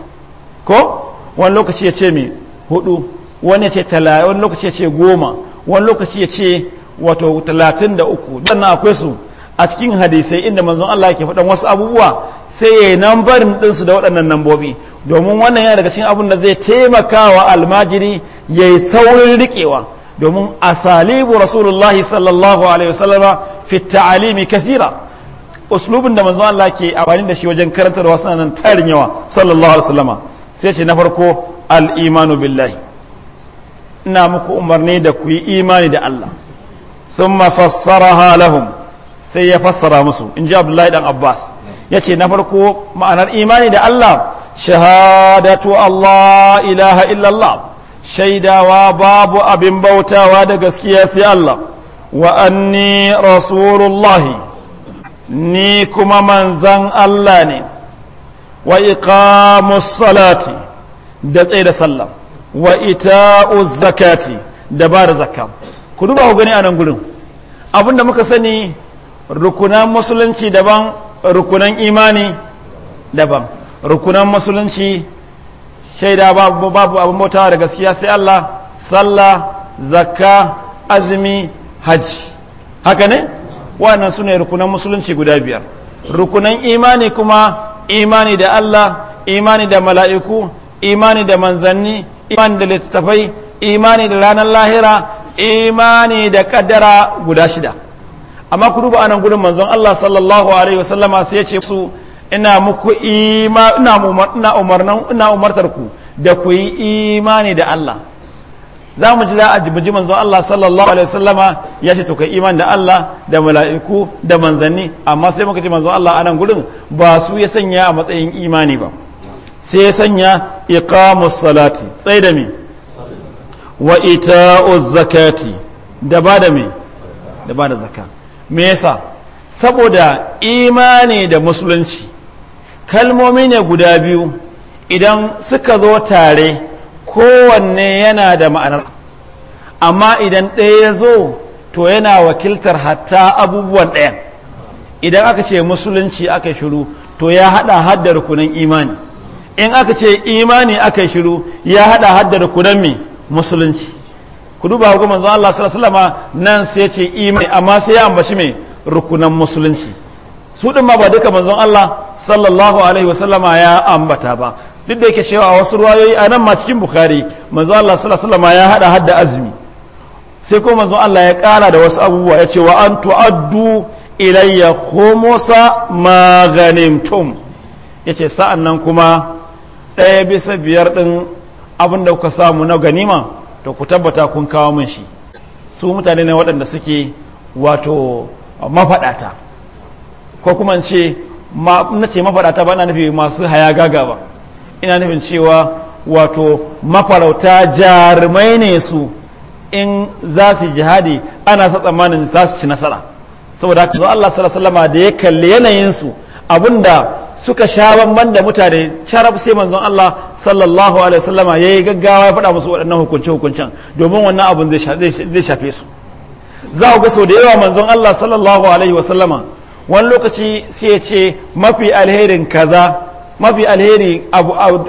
ko wani lokaci ya ce mai hudu wani ya ce talatin wani lokaci ya ce goma wani lokaci ya ce wato talatin da uku dan akwai su a cikin hadisai inda manzon Allah yake faɗan wasu abubuwa sai ya yi nambarin ɗinsu da waɗannan nambobi domin wannan yana daga cikin abin da zai taimaka wa almajiri ya yi saurin riƙewa domin asalibu rasulullahi sallallahu alaihi wasallama fi ta'alimi kathira uslubin da manzon Allah ke amfani da shi wajen karanta suna nan tarin yawa sallallahu alaihi wasallama sai ce na farko al-imanu billahi ina muku umarni da ku yi imani da Allah thumma fassaraha lahum sai ya fassara musu in ji Abdullahi dan Abbas yace na farko ma'anar imani da Allah shahadatu Allah ilaha illallah shaidawa babu abin bautawa da gaskiya sai Allah wa anni rasulullahi ni kuma manzan Allah ne wa iqamus salati da tsaye da sallah wa ita'uz zakati da ba da zakka ku duba ku gani a nan gurin abinda muka sani rukunan musulunci daban rukunan imani daban rukunan musulunci shaida babu babu abin bautawa da gaskiya sai Allah sallah zakka azumi hajji haka ne wannan sune rukunan musulunci guda biyar rukunan imani kuma imani da Allah imani da mala'iku imani da manzanni imani da littattafai imani da ranar lahira imani da kaddara guda shida amma ku duba anan gudun manzon Allah sallallahu alaihi wasallama sai ya ce su ina muku ima ina umarnan ina umartar ku da ku yi imani da Allah za mu ji za a ji Allah sallallahu alaihi wasallama ya ce to kai iman da Allah da mala'iku da manzanni amma sai muka ji manzo Allah a nan gurin ba su ya sanya a matsayin imani ba sai ya sanya iqamus salati sai da me wa ita'uz zakati da ba da me da ba da zakka me yasa saboda imani da musulunci kalmomi ne guda biyu idan suka zo tare kowanne yana da ma'anar amma idan ɗaya ya zo to yana wakiltar hatta abubuwan ɗaya idan aka ce musulunci aka shiru to ya haɗa haddar kunan imani in aka ce imani aka shiru ya haɗa haddar kunan mai musulunci ku duba hukumar zuwa Allah sallallahu nan sai ce imani amma sai ya ambaci mai rukunan musulunci su ɗin ma ba duka manzon Allah sallallahu alaihi wasallama ya ambata ba duk da yake cewa wasu ruwayoyi a nan ma cikin bukari manzon Allah sallallahu alaihi wasallama ya hada hadda azumi sai kuma manzon Allah ya kara da wasu abubuwa ya ce wa an tu'addu ilayya khumusa ma ghanimtum yace sa'an nan kuma ɗaya bisa biyar ɗin abin da kuka samu na ganima to ku tabbata kun kawo mun shi su mutane ne waɗanda suke wato mafaɗata ko kuma in ce na ce mafaɗata ba ina nufi masu haya gaga ba ina nufin cewa wato mafarauta jarumai ne su in za su jihadi ana sa tsammanin za su ci nasara saboda haka Allah sallallahu da ya kalli yanayin su abinda suka sha bamban da mutane carab sai manzon Allah sallallahu alaihi wasallama ya gaggawa ya faɗa musu waɗannan hukunce hukuncen domin wannan abin zai shafe su za ku ga sau da yawa manzon Allah sallallahu alaihi wasallama wani lokaci sai ya ce mafi alherin kaza mafi alherin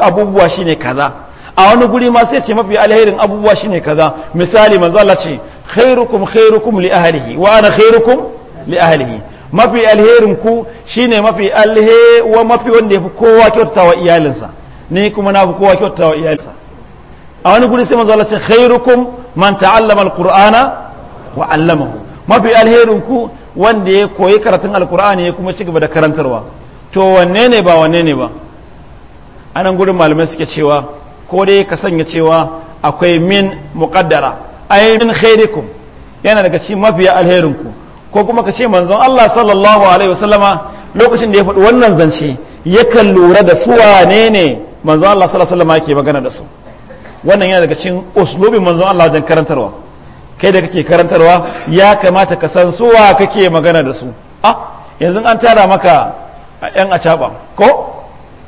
abubuwa shine kaza a wani guri ma sai ce mafi alherin abubuwa shine kaza misali manzo Allah ce khairukum khairukum li ahlihi wa ana khairukum li ahlihi mafi alherin ku shine mafi alhe wa mafi wanda yafi kowa kyautatawa iyalinsa ni kuma na fi kowa kyautatawa iyalinsa a wani guri sai manzo Allah ce khairukum man ta'allama alqur'ana wa 'allamahu mafi alherin ku wanda ya koyi karatun alkur'ani ya kuma cigaba da karantarwa to wanne ne ba wanne ne ba anan gudun malamai suke cewa ko dai ka sanya cewa akwai min muqaddara ay min khairikum yana daga cikin mafiya alherinku ko kuma ka ce manzon Allah sallallahu alaihi wasallama lokacin da ya faɗi wannan zance yakan lura da su wane ne manzon Allah sallallahu alaihi wasallama yake magana da su wannan yana daga cikin uslubin manzon Allah wajen karantarwa kai da kake karantarwa ya kamata ka san suwa kake magana da su ah yanzu an tara maka yan acaba ko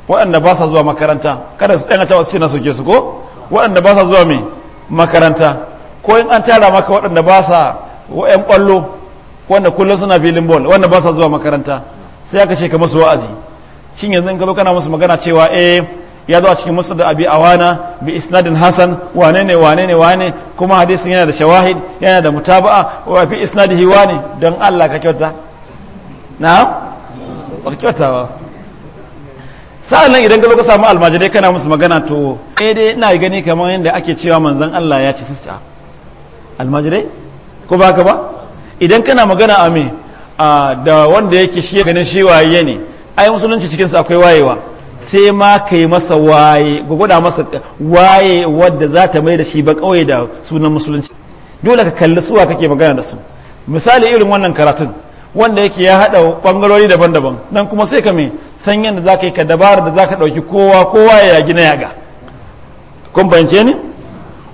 waɗanda ba sa zuwa makaranta kada su yan acaba su ce na soke su ko waɗanda ba sa zuwa mai makaranta ko in an tara maka waɗanda ba sa yan ƙwallo wanda kullum suna filin ball wanda ba sa zuwa makaranta sai aka ce ka masu wa'azi shin yanzu in ka zo kana musu magana cewa eh ya zo a cikin musul da abi awana bi isnadin hasan wane ne wane ne wane kuma hadisin yana da shawahid yana da mutaba'a wa fi isnadihi wane don Allah ka kyauta na ba ka kyauta ba sa'an nan idan ka ka samu almajirai kana musu magana to eh dai ina gani kamar yadda ake cewa manzon Allah ya ce sista almajirai ko ba ka ba idan kana magana a me da wanda yake shi ganin shi waye ne ai musulunci cikinsu akwai wayewa sai ma ka yi masa waye gwagwada masa waye wadda za ta mai da shi ba kawai da sunan musulunci dole ka kalli suwa kake magana da su misali irin wannan karatun wanda yake ya haɗa ɓangarori daban-daban nan kuma sai ka mai san yadda za ka yi ka dabara da za ka ɗauki kowa kowa ya gina yaga kun fahimce ni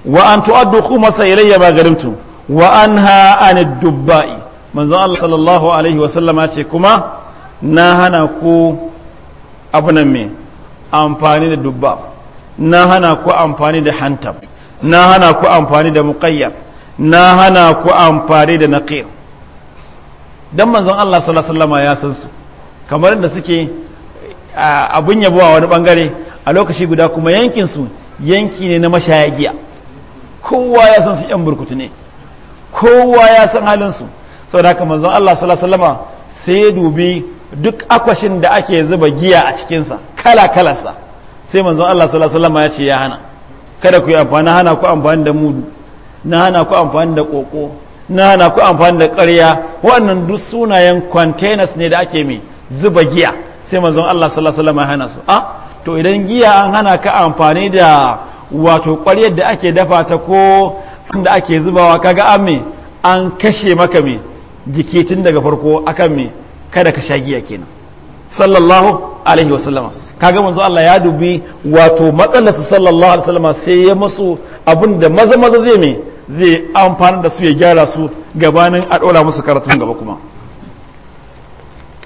wa an tu'addu khumasa ilayya ma garimtu wa anha an dubba'i manzo Allah sallallahu alaihi wa sallama ce kuma na hana ku abu nan amfani da dubba na hana ku amfani da hantar na hana ku amfani da muqayyar na hana ku amfani da naqir dan manzon Allah sallallahu alaihi wasallam ya san su kamar da suke abun yabo a wani bangare a lokaci guda kuma yankin su yanki ne na mashayagiya kowa ya san su yan burkutu ne kowa ya san halin su saboda haka manzon Allah sallallahu alaihi wasallam sai dubi duk akwashin da ake zuba giya a cikinsa kala kalarsa sai manzon Allah sallallahu alaihi wasallam ya ce ya hana kada ku yi amfani na hana ku amfani da mudu na hana ku amfani da koko na hana ku amfani da ƙarya wannan duk sunayen containers ne da ake mai zuba giya sai manzon Allah sallallahu alaihi wasallam ya hana su a to idan giya an hana ka amfani da wato ƙwaryar da ake dafa ta ko da ake zubawa kaga an me an kashe maka me jiki tun daga farko akan me kada ka sha giya kenan sallallahu alaihi wasallama kaga manzo Allah ya dubi wato matsalar su sallallahu alaihi wasallama sai ya masu abin da maza maza zai mai zai amfana da su ya gyara su gabanin a dora musu karatun gaba kuma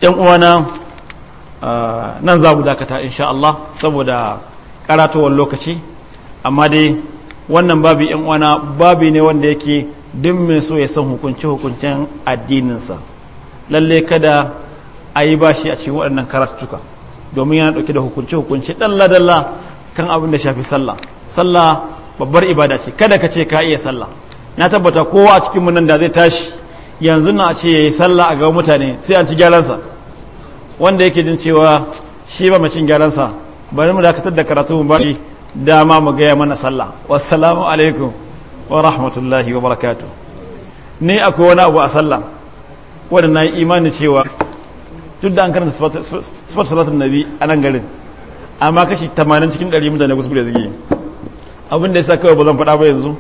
Ƴan uwana nan za mu dakata insha Allah saboda karatuwar lokaci amma dai wannan babi ƴan uwana babi ne wanda yake duk mai so ya san hukunci hukuncen addininsa lalle kada a yi bashi a cikin waɗannan karatuka domin yana ɗauke da hukunce-hukunce dalla-dalla kan abin da shafi sallah sallah babbar ibada ce kada ka ce ka iya sallah na tabbata kowa a cikin nan da zai tashi yanzu na a ce ya yi sallah a ga mutane sai an ci gyaransa wanda yake jin cewa shi ba cin gyaransa bari mu dakatar da karatu mu bashi dama mu gaya mana sallah wassalamu alaikum wa rahmatullahi wa barakatuh ni akwai wani abu a sallah wadda na yi imanin cewa duk da an karanta sifar salatun nabi a nan garin amma kashi 80 cikin 100 mutane da suke abin da ya sa kawai ba zan faɗa ba yanzu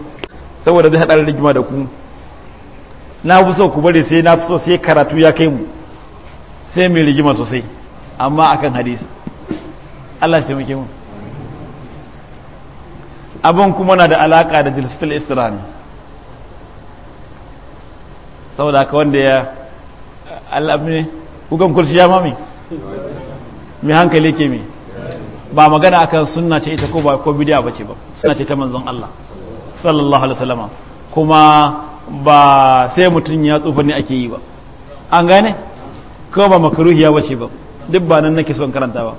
saboda zai haɗa rigima da ku na fi so ku bari sai na fi so sai karatu ya kai mu sai mai rigima sosai amma akan hadis Allah sai muke mu abin kuma na da alaka da jilistar istirani saboda haka wanda ya al'amini kukan kurci ya mami mai hankali ke mi ba magana akan suna ce ita ko ba ko bidiya ba ce ba suna ce ta manzon Allah sallallahu alaihi wasallam kuma ba sai mutum ya tsufa ne ake yi ba an gane ko ba makruhiya ba ce ba duk ba nan nake son karanta ba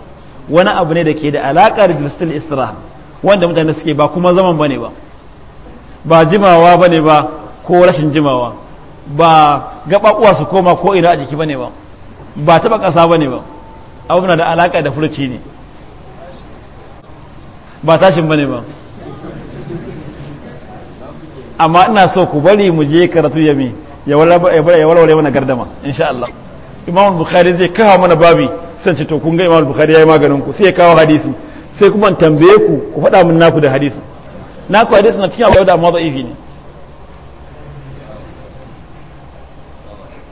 wani abu ne da ke da alaƙa da jilstil isra wanda mutane suke ba kuma zaman ba ne ba ba jimawa ba ne ba ko rashin jimawa ba gaɓaɓuwa su koma ko ina a jiki bane ba ba taɓa ƙasa bane ba abu na da alaƙa da furci ne ba tashin bane ba amma ina so ku bari mu je karatu ya ya walwale mana gardama insha Allah Imam Bukhari zai kawo mana babi san ce to kun ga Imam Bukhari yayi maganin ku sai ya kawo hadisi sai kuma tambaye ku ku faɗa min naku da hadisi naku hadisi na cikin abu da amma da'ifi ne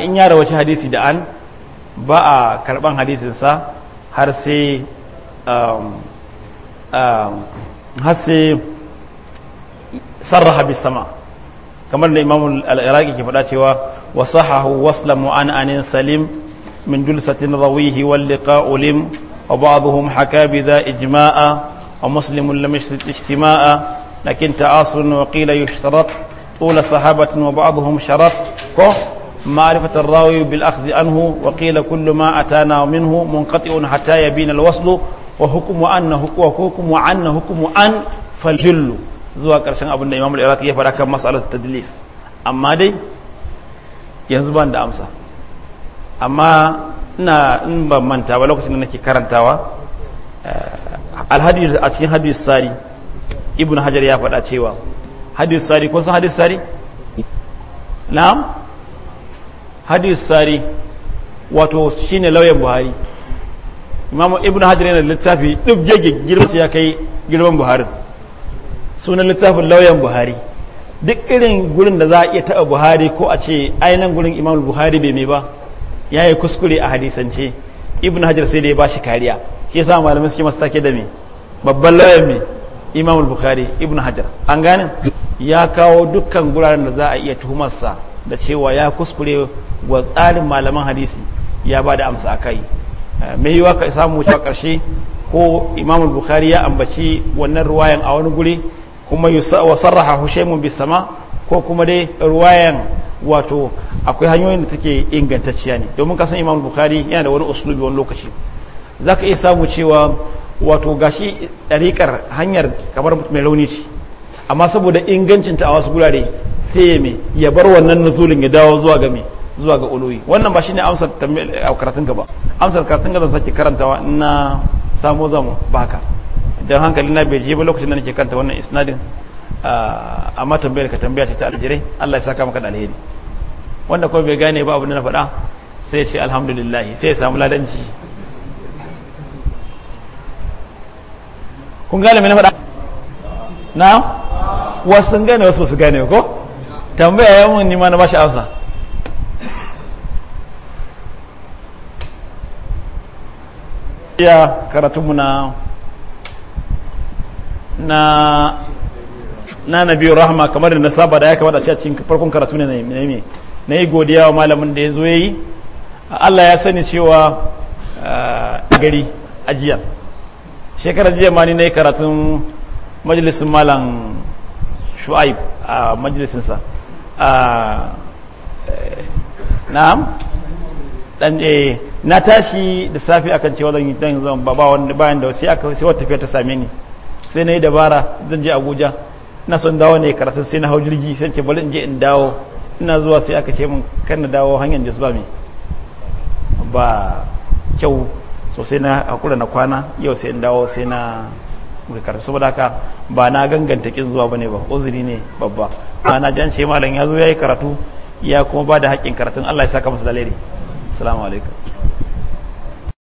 in ya rawaci hadisi da an ba a karban hadisinsa har sai har sai sarraha bi sama kamar da imamu al-iraqi ke faɗa cewa wa sahahu wasla anin salim min dulsatin rawihi wal liqa'u lim wa ba'dhum haka bi bidha ijma'a wa muslimun lam ijtima'a lakin ta'asrun wa qila yushtarat طول صحابة وبعضهم شرط كه معرفة الراوي بالأخذ عنه وقيل كل ما أتانا منه منقطع حتى يبين الوصل وحكم أن وحكم أن حكم أن فالجل زوا كرشان أبن الإمام العراقي يفعل كم مسألة التدليس أما دي ينزبان دا أمسا أما نا نبا منتا ولو كنت نكي كرنتاوا الحديث أتين حديث الساري ابن حجر يفعل أتشيوا حديث الساري كون حديث الساري نعم hadis sari wato shine lauyan buhari imamu ibn hajar yana littafi duk girma su ya kai girman buhari sunan littafin lauyan buhari duk irin gurin da za a iya taɓa buhari ko a ce ainihin gurin imamu buhari bai mai ba ya yi kuskure a hadisance ibn hajar sai da ya ba shi kariya shi yasa malamai suke masu take da mai babban lauyan mai imamu buhari ibn hajar an gane ya kawo dukkan guraren da za a iya tuhumarsa da cewa ya kuskure wa tsarin malaman hadisi ya ba da amsa a kai eh, mai yiwa ka samu cewa ƙarshe ko imamul bukhari ya ambaci wannan ruwayan a wani guri kuma wa sarraha hushaimun bi sama ko kuma dai ruwayan wato akwai hanyoyin da take ingantacciya ne domin kasan imamul bukhari yana da wani usulubi wani lokaci za ka iya samu cewa wato gashi ɗariƙar hanyar kamar mai launi ce amma saboda ingancinta a wasu gurare sai ya me ya bar wannan nuzulin ya dawo zuwa ga me zuwa ga uluwi wannan ba shine amsar eh, karatun ka ba amsar karatun ka zan sake karantawa na samo zamu baka don hankali na bai je ba lokacin da nake kanta wannan isnadin ah, amma tambayar ka tambaya ta aljirai Allah ya saka maka da alheri wanda kuma bai gane ba abin da na faɗa sai ya ce alhamdulillah sai ya samu ladanci kun gane mai na faɗa na wasu sun gane wasu ba su gane ko tambaya ya mun nima na bashi amsa ya karatu muna na na nabi Rahma kamar da na saba da ya kamata a cikin farkon karatu ne na na yi godiya wa malamin da ya zo ya yi Allah ya sani cewa eh, gari ajiya shekarar jiya ma ni na yi karatun majalisun malam shu'aib a majalisinsa Ah, eh, na'am dan eh na tashi da safi akan cewa zan yi dan zan ba ba wani bayan da sai aka sai wata ta same ni sai nayi dabara zan je Abuja ina son dawo ne karatu sai na hau jirgi sai ce bari in je in dawo ina zuwa sai aka ce min kan na dawo hanyar Jos ba me ba kyau sosai na hakura na kwana yau sai in dawo sai na muka karfi saboda haka ba na ganganta kin zuwa bane ba uzuri ne babba ba na jan ce malam ya zo yayi karatu ya kuma ba da haƙƙin karatun Allah ya saka masa dalili assalamu alaikum